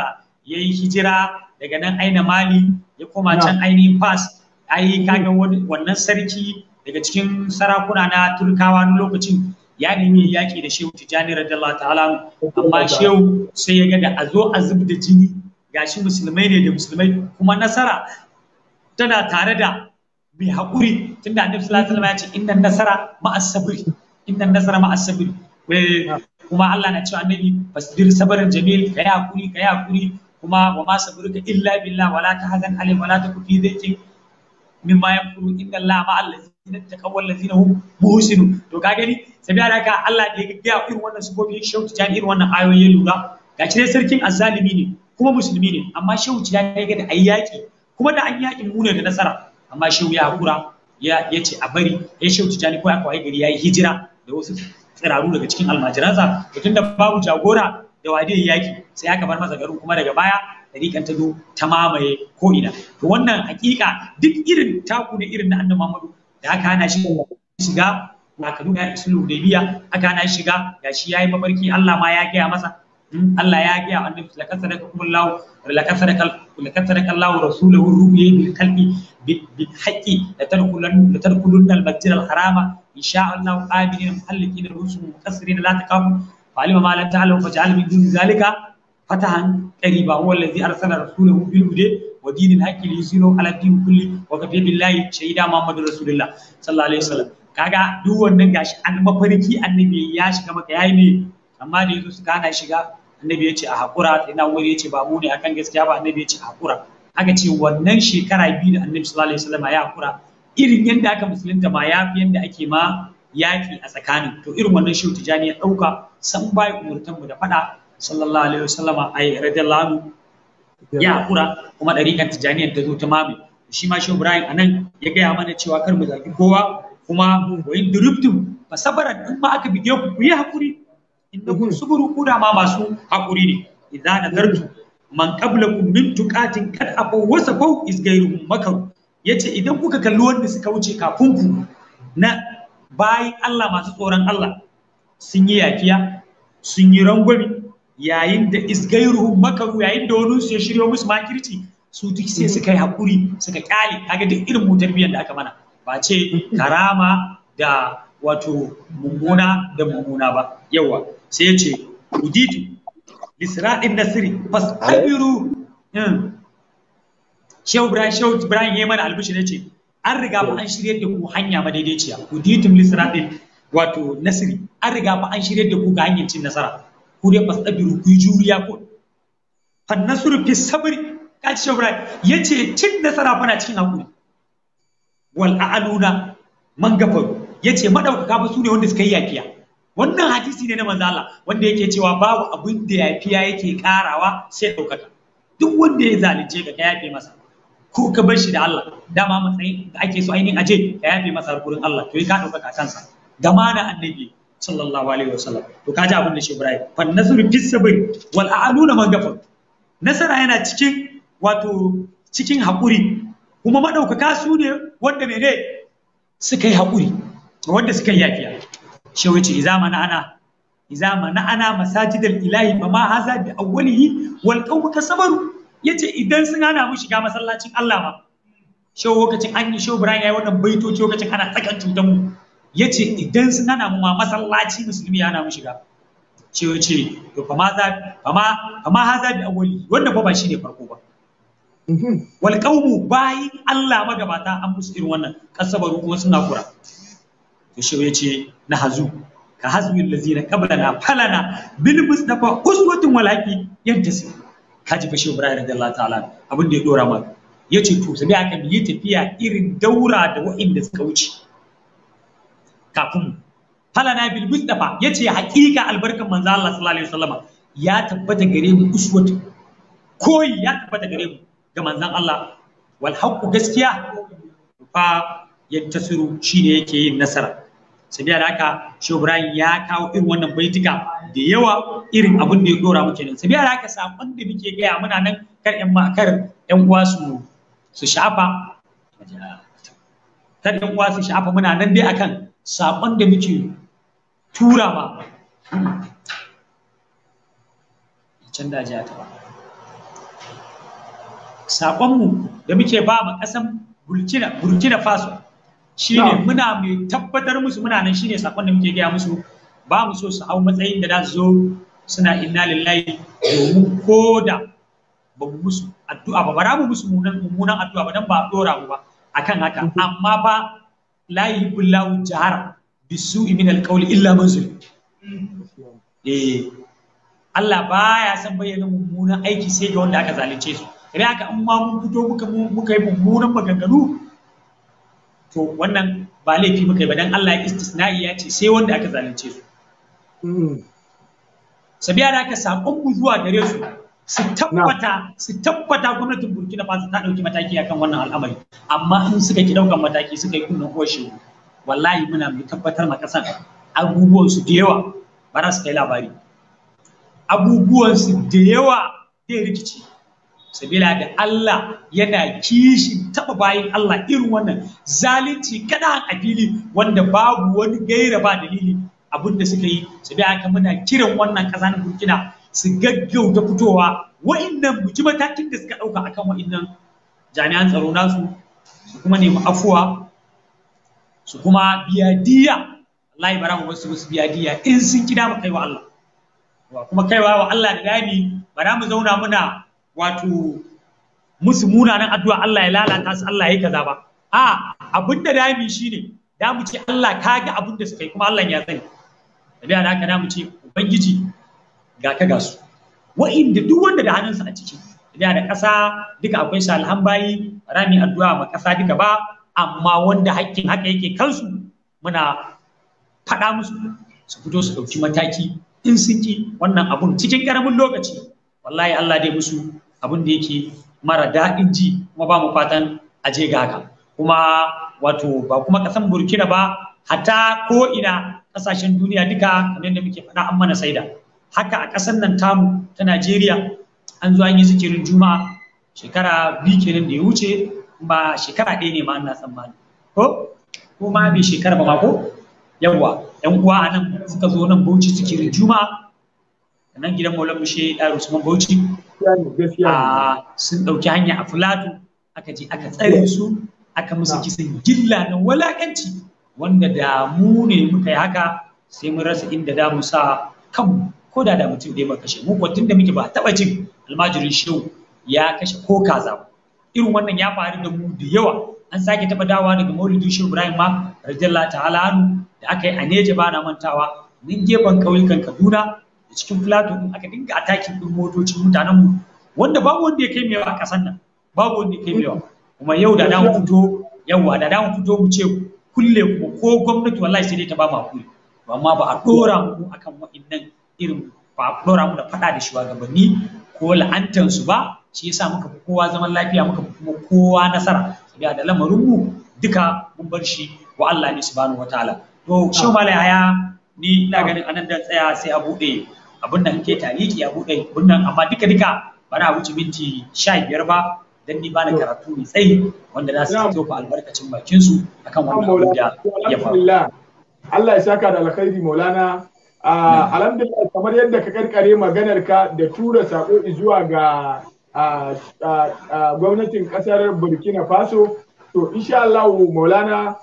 ya hijira daga nan aina mali ya koma can ainihin fas ai kaga wannan sarki daga cikin sarakuna na turkawa na lokacin ya nemi yaƙi da shehu tijjani radiyallahu ta'ala amma shehu sai ya ga da a zo a zub da jini gashi musulmai ne da musulmai kuma nasara tana tare da mai haƙuri tunda annabi sallallahu alaihi wasallam ya ce innan nasara ma'a sabri innan nasara ma'a sabri eh, kuma Allah na cewa annabi fasbir sabarin jamil kai hakuri kai haƙuri. kuma wa ma sabruka illa billah wala ta tahzan alayhi wala ta taku fi dhikri mimma yaqulu inna Allah ma allazina taqawwal ladzina hum muhsinu to ka gani sabi alaka Allah da ya ga irin wannan sufofi shautu ta irin wannan ayoyin lura gashi ne sarkin azzalimi ne kuma musulmi ne amma shehu ya ga da ayi yaki kuma da an yaki mu ne da nasara amma shehu ya hakura ya ya ce a bari ya shehu Tijjani ko aka wai gari yayi hijira da wasu tsiraru daga cikin almajiransa to tunda babu jagora da ya yaki sai aka bar masa garin kuma daga baya tarikan ta zo ta mamaye ko ina to wannan hakika duk irin taku da irin na annabi Muhammadu da aka hana shi shiga na Kaduna ya da biya aka hana shiga gashi yayi mafarki Allah ma ya gaya masa Allah ya gaya wa annabi laqad sadaqakum Allah laqad sadaqa laqad sadaqa Allah rasulahu ru'ya bil qalbi bil haqqi la tarkulun la tadkhulun al masjid al harama insha Allah aminin muhallikin rusul mukassirin la taqamu fa alima ma la ta'lamu fa ja'al min dun zalika fatahan qariba huwa alladhi arsala rasulahu bil huda wa dinil haqqi li yusiru ala din kulli wa kafi billahi shahida muhammadur rasulullah sallallahu alaihi wasallam kaga duk wannan gashi an mafarki annabi ya shiga maka yayi ne amma da yanzu suka hana shiga annabi ya ce a haƙura sai na wuri ya ce ba mu ne akan gaskiya ba annabi ya ce a haƙura aka ce wannan shekara biyu da annabi sallallahu alaihi wasallam ya haƙura irin yadda aka musulunta ma ya fi yadda ake ma yaƙi a tsakanin to irin wannan shehu tijani ya ɗauka san bai umurtan mu da faɗa sallallahu alaihi wasallama ai radiyallahu ya haƙura kuma ɗariƙar tijaniyar ta zo ta mame shi ma shi ibrahim anan ya gaya mana cewa kar mu zaki kowa kuma wa in durubtum fa sabaran in ma aka bige ku ku yi haƙuri innakum suburu kuda ma masu hakuri ne idza nadartu man qablakum min tuqatin kad abu wasafu is gairuhum makar yace idan kuka kalli wanda suka wuce kafin ku na bayi Allah masu tsoron Allah sun yi yakiya sun yi rangwami yayin da isgairuhum makaru yayin da wani su ya shirya musu makirci su duk sai suka yi hakuri suka kyale kaga duk irin mutarbiyan da aka mana ba ce karama da wato mummuna da mummuna ba yawa sai ya ce uditu lisra'in nasiri fasabiru hmm. shehu ibrahim shehu ibrahim ya mana albishi ne ce an riga ba an shirye da ku hanya madaidaiciya uditu lisra'in wato nasiri an riga ba an shirye da ku ga hanyar cin nasara ku dai fasabiru ku yi juriya ko fan nasuru fi sabri kaci shehu Ya yace cin nasara fana cikin hakuri wal a'aluna man gafaru yace madaukaka ba su ne wanda suka yi yakiya wannan hadisi ne na manzo Allah wanda yake cewa babu abin da yafiya yake karawa sai ɗaukaka. duk wanda ya zalunce ka ka yafe masa ko ka bar shi da Allah dama matsayin da ake so ainihin aje ka yafe masa harkurin Allah to ka daukaka kansa gama na annabi sallallahu alaihi wasallam to ka ji abin da shi Ibrahim fa nasru fis sabr wal a'luna magafar nasara yana cikin wato cikin hakuri kuma madaukaka su ne wanda ne suka yi hakuri wanda suka yi yafiya shi wuce iza mana ana iza mana ana masajidal ilahi ba ma haza bi awwalihi wal qawmu kasabaru yace idan sun ana mu shiga masallacin Allah ma shi lokacin an yi shi Ibrahim yayi wannan baitoci lokacin ana tsakan cutan mu yace idan sun ana mu ma masallaci musulmi ana mu shiga shi wuce to fa ma za fa ma fa ma haza bi awwalihi wanda fa ba shi ne farko ba mhm. wal qawmu bayin Allah magabata an musu irin wannan kasabaru kuma suna kura yashau ya ce na hazu ka hazmi lazina na falana bil mustafa uswatun walaki ka kaji fashe ibrahim radiyallahu ta'ala abin da ya dora maka Ya ce to sai aka yi tafiya irin daura da wa'inda suka wuce kafin falana bil ya ce hakika albarkan manzo Allah sallallahu alaihi wasallama ya tabbata gare mu uswatu koyi ya tabbata gare mu ga manzon Allah wal haqqu gaskiya fa yantasiru shine yake yin nasara sabiya da haka shehu Ibrahim ya kawo irin wannan baitika da yawa irin abin da ya dora muke nan sabiya da haka sakon da muke gaya muna nan kar yan makar yan uwa su su shafa kar yan uwa su shafa muna nan dai akan sakon da muke tura ma can da ta ba sakonmu da muke ba ma kasan Burkina Faso shine muna mai tabbatar musu muna nan shine sakon da muke gaya musu ba mu so su hau matsayin da za su zo suna inna lillahi domin ko da ba mu musu addu'a ba bara mu musu mummunan addu'a ba dan ba dora mu ba akan haka mhm. amma ba la yuhibbu jahara bisu, min alqawli illa man zulim mhm. eh Allah baya san bayyana mummunan aiki sai ga wanda aka zalunce su. Kare haka in ma mun fito muka muka yi mummunan maganganu to wannan ba laifi muka yi ba dan Allah ya istisna'i ya ce sai wanda aka zalunce su sabiya da aka sakon ku zuwa gare su su tabbata su tabbata gwamnatin Burkina Faso ta ɗauki mataki akan wannan al'amari amma in suka ki daukan mataki suka yi kunnan oshe wallahi muna mu tabbatar ma kasar abubuwan su da yawa ba za su kai labari abubuwan su da yawa zai rikici sabila da Allah yana kishin taba bayin Allah irin wannan zalunci kada a fili wanda babu wani gaira ba dalili abin da suka yi sabila haka muna kiran wannan ƙasa na Burkina su gaggauta fitowa wa'annan buji matakin da suka ɗauka akan wa'annan jami'an tsaro nasu su kuma nemi afuwa su kuma biya diya Allah ya wasu su biya diya in sun kida mu kaiwa Allah kuma kaiwa wa Allah da gani bara mu zauna muna wato musu munanan addu'a Allah ya lalata su Allah ya kaza ba a abin da dami shine da mu ce Allah ka ga abin da suka yi kuma Allah ya sani tabiya da haka da mu ce ubangiji ga ka ga su wa'inda duk wanda da hannunsa a ciki tabiya da ƙasa duka akwai shi alhambayi rami addu'a ma ƙasa duka ba amma wanda hakkin haka yake kansu muna faɗa musu su fito su ɗauki mataki in sun ki wannan abun cikin ƙaramin lokaci wallahi Allah dai musu abin da yake mara daɗin ji kuma ba mu fatan a je ga haka kuma wato ba kuma kasan burkina ba hata ko ina ƙasashen duniya duka kamar da muke faɗa an mana saida haka a ƙasar nan tamu ta najeriya an zo an yi zikirin juma'a shekara biyu kenan da ya wuce ba shekara ɗaya ne ma ana tsammani ko ko ma bai shekara ba ma ko yawwa yan uwa anan nan suka zo nan bauchi zikirin juma'a nan gidan Maulan Bushe Ɗaro Usman Bauchi ah, sun ɗauki hanya a Fulatu aka je aka tsare su aka musu kisan gilla na walakanci wanda da mu ne muka yi haka sai mun rasa inda da mu sa kanmu ko da da mutum ɗaya ba kashe mu ko da muke ba taɓa jin almajirin shehu ya kashe ko kaza irin wannan ya faru da mu da yawa an sake taɓa dawa daga maulidin shehu ibrahim ma radiyallahu ta'ala anu da aka yi a neja ba na mantawa nan gefen ƙauyukan kaduna cikin filato din aka dinga atakin din motocin mutanen mu wanda babu wanda ya kai mewa a kasan nan babu wanda ya kai mewa kuma yau da da fito yawa da fito mu ce kulle ko gwamnati wallahi sai dai ta ba mu hakuri amma ba a dora mu akan wa'annan irin ba a dora mu da fada da shugabanni ko su ba shi yasa muka fi kowa zaman lafiya muka fi kuma kowa nasara saboda da lamarin mu duka mun bar shi wa Allah ne subhanahu wataala to shin malai ni ina ganin anan da tsaya sai a bude Abin nan ke tariki ya buɗe wannan amma duka duka bana na wuce minti sha biyar ba dan ni bana karatu mai tsayi wanda za su fito fa albarkacin bakin su akan wannan abu da ya faru Allah ya saka da alkhairi maulana ah, alhamdulillah kamar yadda ka karkare maganar ka da tura sako zuwa ga ah, ah, gwamnatin kasar burkina faso to insha Allah maulana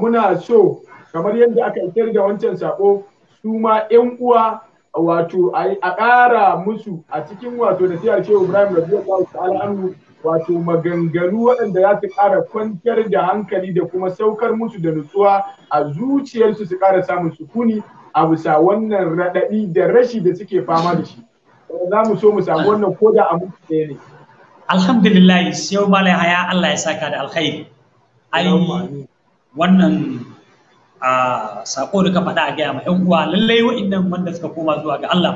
muna so kamar yadda aka isar da wancan sako su ma 'yan uwa wato a ƙara musu a cikin wato da siyar ce ibrahim radiyallahu ta'ala anhu wato maganganu waɗanda za su ƙara kwantar da hankali da kuma saukar musu da nutsuwa a zuciyarsu su ƙara samun sukuni a bisa wannan raɗaɗi da rashi da suke fama da shi za mu so mu samu wannan ko da a mutu ɗaya ne alhamdulillah yau ba haya Allah ya saka da alkhairi ai wannan a sako da ka faɗa a gaya ma ƴan uwa lallai wa'innan wanda suka koma zuwa ga Allah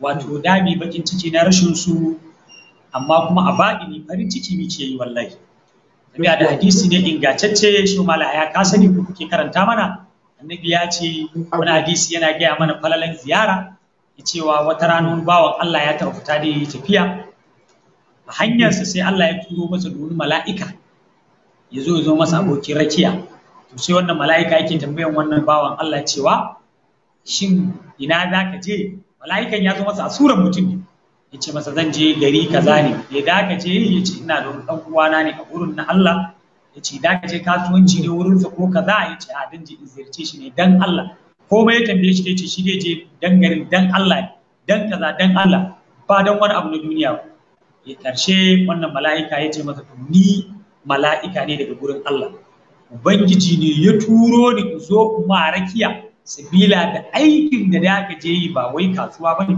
wato dami bakin ciki na rashin su amma kuma a baɗi ne farin ciki mi ce yi wallahi tabi'a da hadisi ne ingantacce shi mala ya ka sani ku kuke karanta mana annabi ya ce wani hadisi yana gaya mana falalan ziyara ya cewa wata ranar bawan Allah ya taɓa fita da yi tafiya a hanyarsa sai Allah ya turo masa da mala'ika ya zo ya zo masa abokin rakiya to sai wannan mala'ika yake tambayan wannan bawan Allah cewa shin ina za ka je mala'ikan ya zo masa a surar mutum ne ya ce masa zan je gari kaza ne ya da ka je ya ce ina da ɗan uwana ne a wurin na Allah ya ce da ka je kasuwanci ne wurinsa ko kaza ya ce a dan je in shi ne dan Allah komai ya tambaye shi ya ce shi ne je dan garin dan Allah dan kaza dan Allah ba dan wani abu na duniya ba ya karshe wannan mala'ika ya ce masa to ni mala'ika ne daga gurin Allah ubangiji ne ya turo ni in zo rakiya sabila da aikin da da ka je yi ba wai kasuwa bane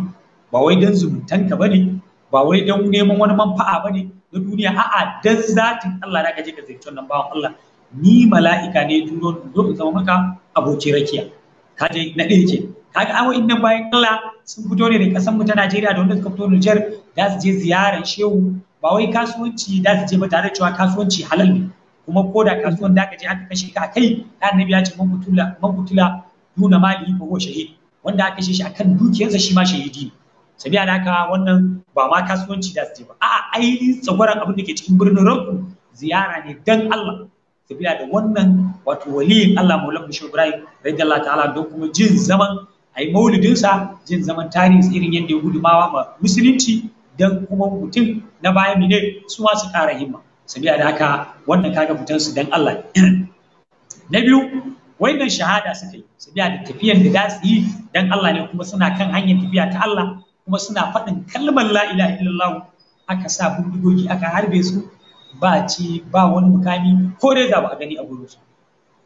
ba wai dan zumuntanka bane ba wai dan neman wani manfa'a bane na duniya a'a dan zatin Allah da ka je ka zai nan bawan Allah ni mala'ika ne turo ni zo zama maka aboki rakiya ka je na ɗaya ke kaga awo innan bayan Allah sun fito ne da kasan mu ta Najeriya da wanda suka fito Nijar da su je ziyarar shehu ba wai kasuwanci da su je ba tare da cewa kasuwanci halal ne kuma ko da kasuwan da aka je aka kashe ka da annabi ya ce man kutula man kutula duna ko ko shahid wanda aka kashe shi akan dukiyarsa shi ma shahidi sabi da haka wannan ba ma kasuwanci da su ba a'a ainihin tsagwaron abin da ke cikin birnin ranku ziyara ne dan Allah sabiya da wannan wato waliyin Allah Maulana Bashir Ibrahim radiyallahu ta'ala don kuma jin zaman ai maulidin sa jin zaman tarihi irin yadda ya gudumawa ma musulunci dan kuma mutum na baya ne su ma su ƙara himma sabiya da haka wannan kaga fitan su dan Allah na biyu wayannan shahada suka yi sabiya da tafiyar da za su yi dan Allah ne kuma suna kan hanyar tafiya ta Allah kuma suna faɗin kalmar la ilaha illallah aka sa bindigogi aka harbe su ba ci ba wani mukami ko reza ba a gani a gurin su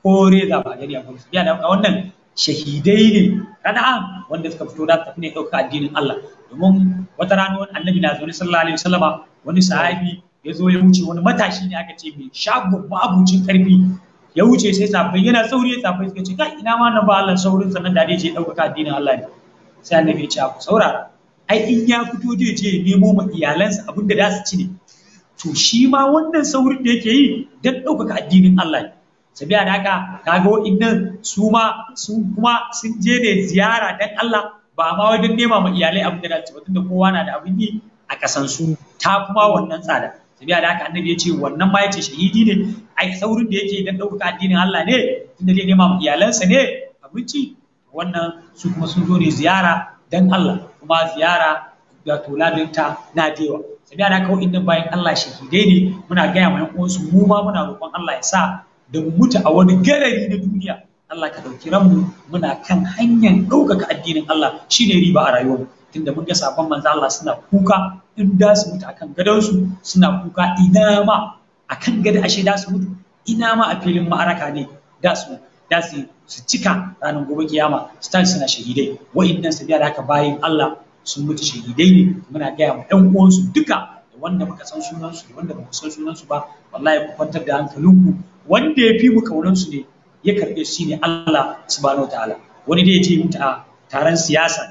ko reza ba a gani a gurin su da haka wannan shahidai ne rana'a wanda suka fito da tafi ne ɗauka addinin Allah domin wata rana wani annabi na zaune sallallahu alaihi wasallama wani sahabi ya zo ya wuce wani matashi ne aka ce mai shagon abincin karfi ya wuce sai safai yana sauri ya safai suka ce kai ina ma na ba Allah saurin sannan da dai je ɗaukaka addinin Allah ne sai annabi ya ce ku saura ai in ya fito je je nemo ma iyalansa abin da za su ci ne to shi ma wannan saurin da yake yi dan ɗaukaka addinin Allah ne sabiya da haka kaga wa'innan su ma su kuma sun je ne ziyara dan Allah ba ma wajen nema ma iyalai abinda da su ba tunda kowa na da abin yi a su ta kuma wannan tsada sabiya da haka annabi ya ce wannan ma ya ce shahidi ne ai saurin da yake dan ɗaukaka addinin Allah ne tunda zai nema iyalansa ne abinci wannan su kuma sun zo ne ziyara dan Allah kuma ziyara da ta na dewa sabiya da kawai inda bayan Allah shahidai ne muna gaya ma uwansu mu ma muna roƙon Allah ya sa da mu mutu a wani garari na duniya Allah ka ɗauki mu muna kan hanyar ɗaukaka addinin Allah shine riba a rayuwarmu tunda mun ga sabon manzo Allah suna kuka in da su mutu akan gadonsu suna kuka ina ma akan gada ashe da su mutu ina ma a filin ma'araka ne da su da su su cika ranar gobe kiyama su tashi suna shahidai wa'annan su biya da haka bayan Allah sun mutu shahidai ne muna gaya ma ɗan uwansu duka da wanda muka san sunansu da wanda ba san sunansu ba wallahi ku kwantar da hankalinku wanda ya fi mu kaunansu ne ya karɓe shi ne Allah subhanahu wataala wani da ya ce mutu a taron siyasa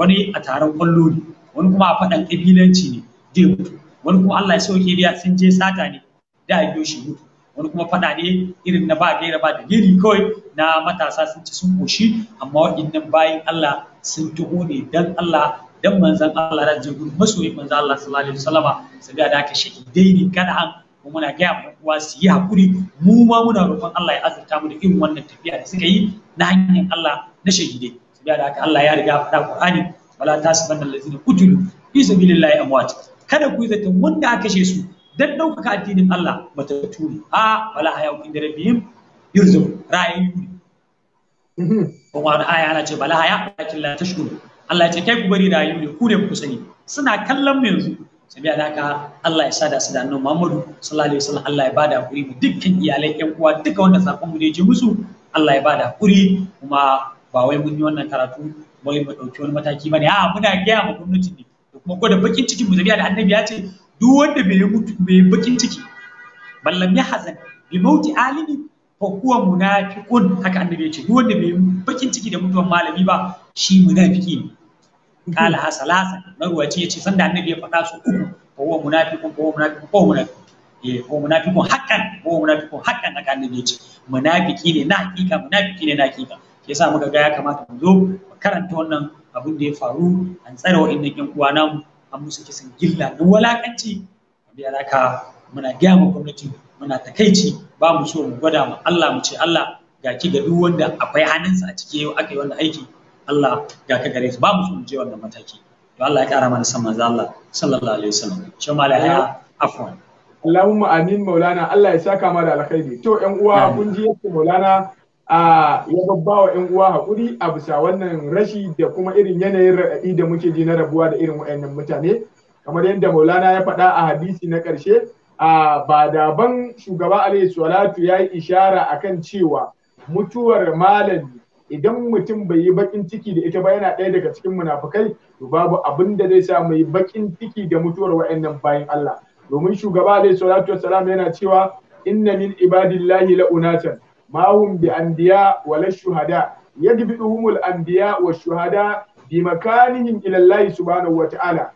wani a taron kwallo ne wani kuma a faɗan ƙabilanci ne zai mutu wani kuma Allah ya sauke biya sun je sata ne da a biyo mutu wani kuma faɗa ne irin na ba gaira ba da giri kawai na matasa sun ci sun koshi amma waɗannan bayan Allah sun taho ne dan Allah dan manzan Allah da jirgin masoyin manzan Allah sallallahu alaihi wasallama su ga da aka shahidai ne kada an kuma muna gaya mu uwa su yi hakuri mu ma muna roƙon Allah ya azurta mu da irin wannan tafiya da suka yi na hanyar Allah na shahidai sabiya da haka Allah ya riga faɗa Qur'ani wala tasibanna allazina qutilu fi sabilillahi amwat kada ku yi zaton wanda aka kashe su dan ɗaukaka addinin Allah matattu ne a wala hayau inda rabbihim yurzu ra'ayi kuma wani aya ana ce bala haya lakin la tashkuru Allah ya ce kai ku bari da ne ku ne ku sani suna kallon mu yanzu sabiya da haka Allah ya sada su da annabi Muhammadu sallallahu alaihi wasallam Allah ya bada hakuri mu dukkan iyalan yan uwa duka wanda sakon mu ne je musu Allah ya bada hakuri kuma ba wai mun yi wannan karatu wai mu dauki wani mataki bane a muna gaya ma gwamnati ne kuma ko da bakin ciki mu zabiya da annabi ya ce duk wanda bai mutu bai bakin ciki ballam ya hazan bi mauti alimi fa huwa munafiqun haka annabi ya ce duk wanda bai bakin ciki da mutuwan malami ba shi munafiki ne kala hasalasa marwaci ya ce sanda annabi ya faɗa su uku fa huwa munafiqun fa huwa munafiqun fa huwa munafiqun ye eh, ko munafiqun haqqan ko munafiqun haqqan haka annabi ya ce munafiki ne na hakika munafiki ne na hakika yasa muka ga ya kamata mu zo mu karanta wannan abin da ya faru an tsare wa'annan yan uwa nan an musu kisan gilla na walakanci wanda alaka muna gaya ma gwamnati muna takaici ba mu so mu gwada ma Allah mu ce Allah ga ki ga duk wanda akwai hannunsa a cike yau aka yi wannan aiki Allah ga ka gare su ba mu so mu je wannan mataki to Allah ya kara mana san manzo Allah sallallahu alaihi wasallam shi ma lahiya afwan Allahumma amin maulana Allah ya saka ma da alkhairi to 'yan uwa kun ji yadda maulana a ya babba wa 'yan uwa hakuri a bisa wannan rashi da kuma irin yanayin raɗaɗi da muke ji na rabuwa da irin wa'annan mutane kamar yadda maulana ya faɗa a hadisi na ƙarshe a ba ban shugaba alayhi salatu ya yi ishara akan cewa mutuwar malami idan mutum bai yi bakin ciki da ita ba yana ɗaya daga cikin munafukai to babu abin da zai sa mu baƙin ciki da mutuwar wa'annan bayan Allah domin shugaba alayhi salatu wassalam yana cewa inna min ibadillahi la'unatan. Mahun biɗo anbiya wala shuhada. Yadi biɗo mumun anbiya wa shuhada biyu makanin ilallahi suba nawa ta'ala.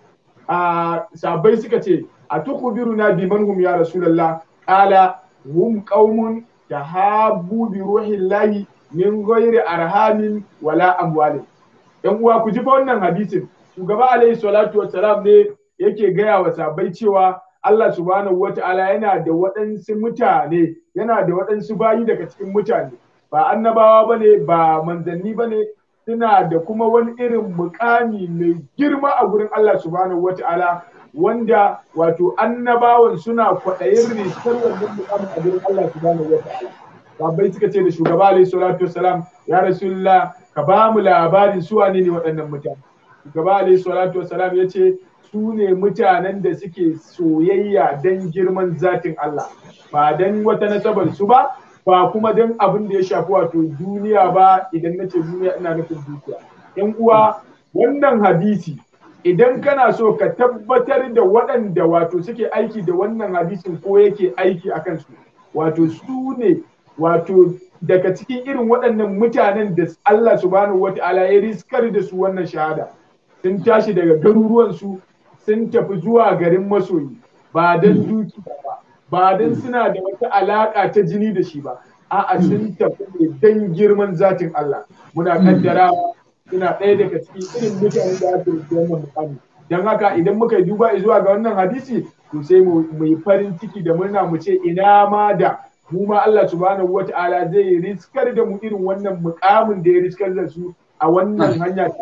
Sabai suka ce a tuƙuru na bi ya rasu lallai. Kala wun ƙaunun ta haɓudi ruwan Min goyre arhanin wala amwali. Ɗan uwa ku ji fa wannan hadisin. shugaba gaba Alayhis Salaatu ne yake gaya wa sabai cewa. Allah subhanahu ta'ala yana da waɗansu mutane yana da waɗansu bayi daga cikin mutane ba annabawa ba ne ba manzanni ba ne suna da kuma wani irin mukami mai girma a gurin Allah subhanahu ta'ala, wanda wato annabawan suna kwaɗayin risar wannan mukamin a gurin Allah subhanahu wata'ala babbai suka ce da shugaba alaihi salatu wassalam ya rasulullah ka ba mu labarin su wane ne waɗannan mutane shugaba alaihi salatu wassalam ya ce su ne mutanen da suke soyayya don girman zatin Allah ba don wata nasabar su ba ba kuma don abin da ya shafi wato duniya ba idan na ce duniya ina nufin dukiya yan uwa wannan hadisi idan kana so ka tabbatar da waɗanda wato suke aiki da wannan hadisin ko yake aiki a kansu wato su ne wato daga cikin irin waɗannan mutanen da Allah subhanahu wata'ala ya riskar da su wannan shahada sun tashi daga garuruwan su. sun tafi zuwa garin masoyi ba don hmm. dukiya ba ba don hmm. suna da wata alaƙa ta jini da shi ba a'a sun hmm. tafi ne dan girman zatin Allah muna kaddara suna ɗaya daga cikin irin mutanen da ake wannan mukami don haka idan muka duba zuwa ga wannan hadisi to sai mu yi farin ciki da murna mu ce ina ma da mu ma Allah subhanahu wata'ala zai riskar da mu irin wannan mukamin da ya riskar da su a wannan hanya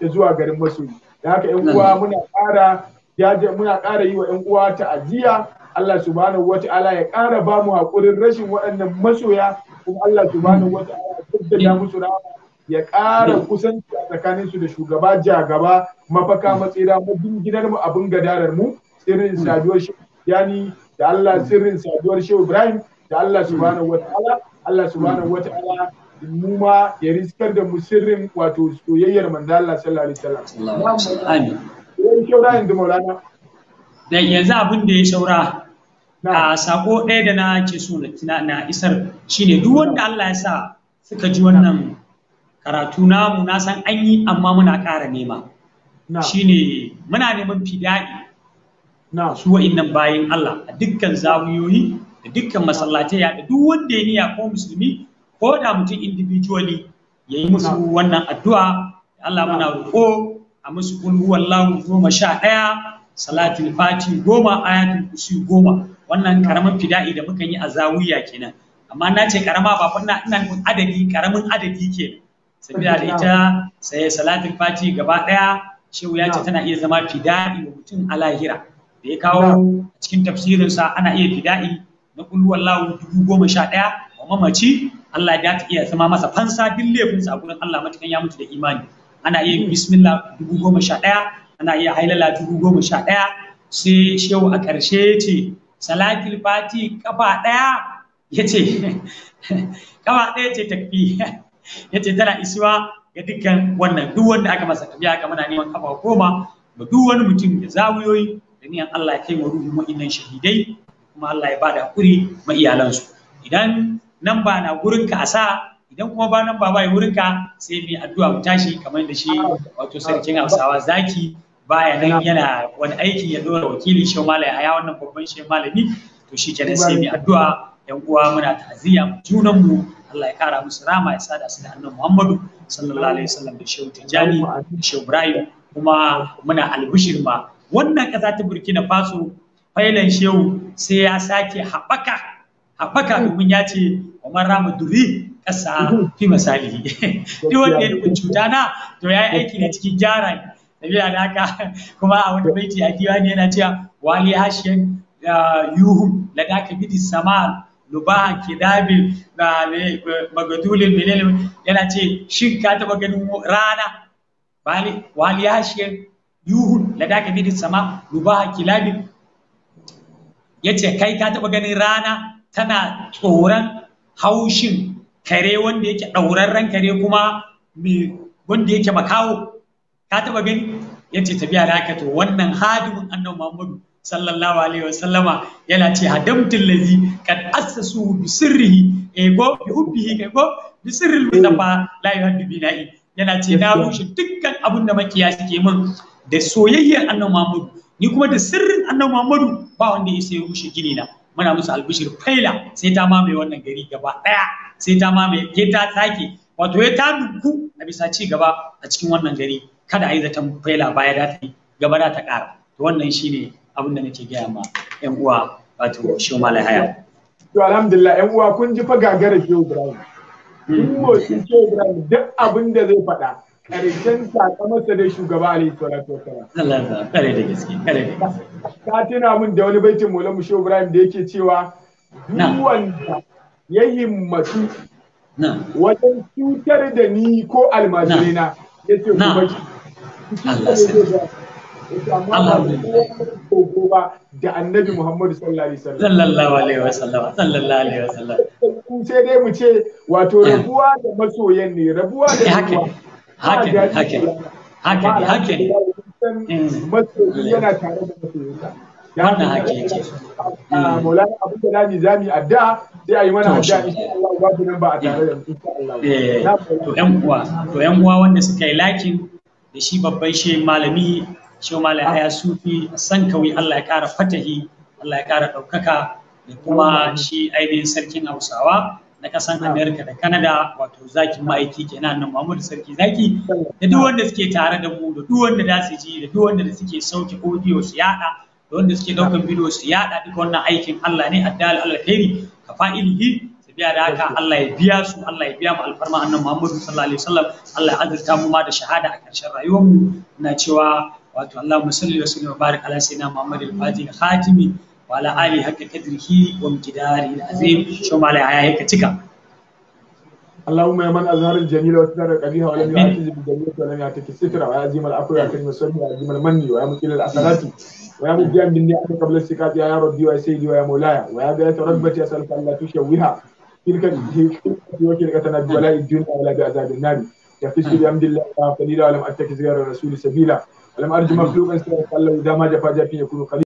ta zuwa garin masoyi da haka yan uwa muna ƙara muna ƙara yi wa yan uwa ta'aziyya Allah subhanahu wata'ala ya ƙara ba mu haƙurin rashin waɗannan masoya kuma Allah subhanahu wata'ala ya da mm. musu rahama ya ƙara mm. kusanci a tsakaninsu da shugaba jagaba mafaka mm. matsira mu gidan mu abin gadarar mu sirrin saduwar shehu yani da Allah sirrin saduwar shehu Ibrahim da Allah subhanahu wata'ala Allah subhanahu wata'ala mu ma ya riskar da mu wato soyayyar manzo Allah sallallahu alaihi wasallam amin yanzu yanzu abin da ya shaura a sako ɗaya da na ke so na isar shine duk wanda Allah ya sa suka ji wannan karatu namu na san an yi amma muna ƙara nema shine muna neman fida'i su wa'innan bayin Allah a dukkan zawiyoyi da dukkan masallatai da duk wanda ya niya ko musulmi ko da mutum individually ya yi musu wannan addu'a Allah muna roƙo a musu kul huwallahu goma sha ɗaya salatin fati goma ayatul kusi goma wannan karamin fida'i da muka yi a zawiya kenan amma na ce karama ba fanna ina nufin adadi karamin adadi ke. Sabida da ita sai salatin fati gaba ɗaya shehu ya ce tana iya zama fida'i wa mutum a lahira da ya kawo cikin tafsirinsa ana iya fida'i na kul huwallahu dubu goma sha ɗaya wa mamaci Allah ya ta iya zama masa fansa duk laifinsa a gurin Allah matukan ya mutu da imani ana iya yin bismillah dubu goma sha ɗaya ana iya hailala dubu goma sha ɗaya sai shehu a ƙarshe ce salatul fati kafa ɗaya ya ce kafa ɗaya ce tafi ya ce tana isuwa ga dukkan wannan duk wanda aka masa tafiya ga muna neman kafa goma ga duk wani mutum da zawiyoyi da niyan Allah ya kai wa ruhu mu'innan shahidai kuma Allah ya bada hakuri ma iyalansu idan Namba na gurin ka a sa idan kuma ba nan ba bai wurin ka sai mai addu'a mu tashi kamar da shi wato sarkin Hausawa zaki baya nan yana wani aiki ya dora wakilin shi mala'i a wannan babban shi malami to shi kenan sai mai addu'a yan uwa muna ta'aziyya junan mu Allah ya kara musu rama ya sada su da annabi Muhammadu sallallahu alaihi wasallam da Shehu Tijani da Shehu Ibrahim kuma muna albishir ma wannan kasa ta Burkina Faso failan Shehu sai ya sake haɓaka haɓaka domin ya ce umar Ramu duri ƙasa fi misali duk wanda ya nufin cuta na to ya yi aiki na cikin gyara tafiya da haka kuma a wani baiti a ne yana cewa wali hashiyan yuhu la da ka bidi sama lubahan kidabil magadulin mililin yana ce shin ka taɓa ganin rana wali hashiyan yuhu la daka bidi sama lubahan kidabil ya ce kai ka taɓa ganin rana tana tsoron haushin kare wanda yake ɗaurarren kare kuma mai wanda yake makawo ka taba gani yace ce tafiya da haka to wannan hadimin annabi muhammadu sallallahu alaihi wasallama yana ce hadamtul lazi kad assasu bi sirrihi e go bi hubbihi kai go bi sirril mutafa la yuhaddu na'i yana ce na rushe dukkan abin da makiya suke min da soyayyar annabi muhammadu ni kuma da sirrin annabi muhammadu ba wanda ya sai rushe gini na muna musu albishir faila sai ta mamaye wannan gari gaba daya sai ta mamaye ke ta sake wato ya ta duku a bisa ci gaba a cikin wannan gari kada a yi zaton faila baya da ta yi gaba da ta kara to wannan shine abin da nake gaya ma yan uwa wato shi ma haya to alhamdulillah yan uwa kun ji fa gagarar shi Ibrahim kun mo shi Ibrahim duk abin da zai faɗa karshen sakamata da shugaba alaihi salatu wasalam Allah kare da gaske kare da gaske ka tuna min da wani baitin Maulana Musho Ibrahim da yake cewa duk wanda ya himmatu wajen cutar da ni ko almajirina ya ce kuma shi Allah da annabi Muhammadu sallallahu alaihi wasallam sallallahu alaihi wasallam sai dai mu ce wato eh. rabuwa da masoyan ne rabuwa da eh, hakin hakin hakin hakin yana tare da masoyinsa wannan hakin yake hmm. ah, maulana abu da adda sai a yi mana adda Allah nan ba a tare da eh, eh, eh. to yan uwa to yan uwa wanda suka yi lakin da shi babban shi malami shi malam haya sufi san kawai Allah ya kara fatahi Allah ya kara ɗaukaka da kuma shi ainihin sarkin Hausawa na kasan Amerika da Canada wato zakin ma'aiki kenan nan Muhammadu Sarki zaki da duk wanda suke tare da mu da duk wanda za su ji da duk wanda suke sauke audio su yada da wanda suke daukan bidiyo su yada duk wannan aikin Allah ne addal alkhairi ka fa'ilihi biya da haka Allah ya biya su Allah ya biya mu alfarma annan Muhammadu sallallahu alaihi wasallam Allah ya azurta mu ma da shahada a ƙarshen rayuwar mu ina cewa wato Allahumma salli wa sallim wa barik ala sayyidina Muhammadil Fatih khatimi وعلى آله حق قدره ومقداره العظيم شو على حياك تكا اللهم يا من أظهر الجميل وأثنى القبيح ولم يعتز بالجميل ولم يعتك الستر ويا عزيم العفو يا كريم الصبر ويا عزيم المني ويا مكيل الحسنات ويا مبدئا بالنعم قبل السكات يا ربي ويا سيدي ويا مولاي ويا بيت رغبتي أسألك أن لا تشوهها تلك وتلك تنبي ولا الدنيا ولا بعذاب النار يا يقيس بحمد الله قليلا ولم أتكز غير الرسول سبيلا ولم أرجو مخلوقا سوى الله إذا ما جفا جافي يكون قليلا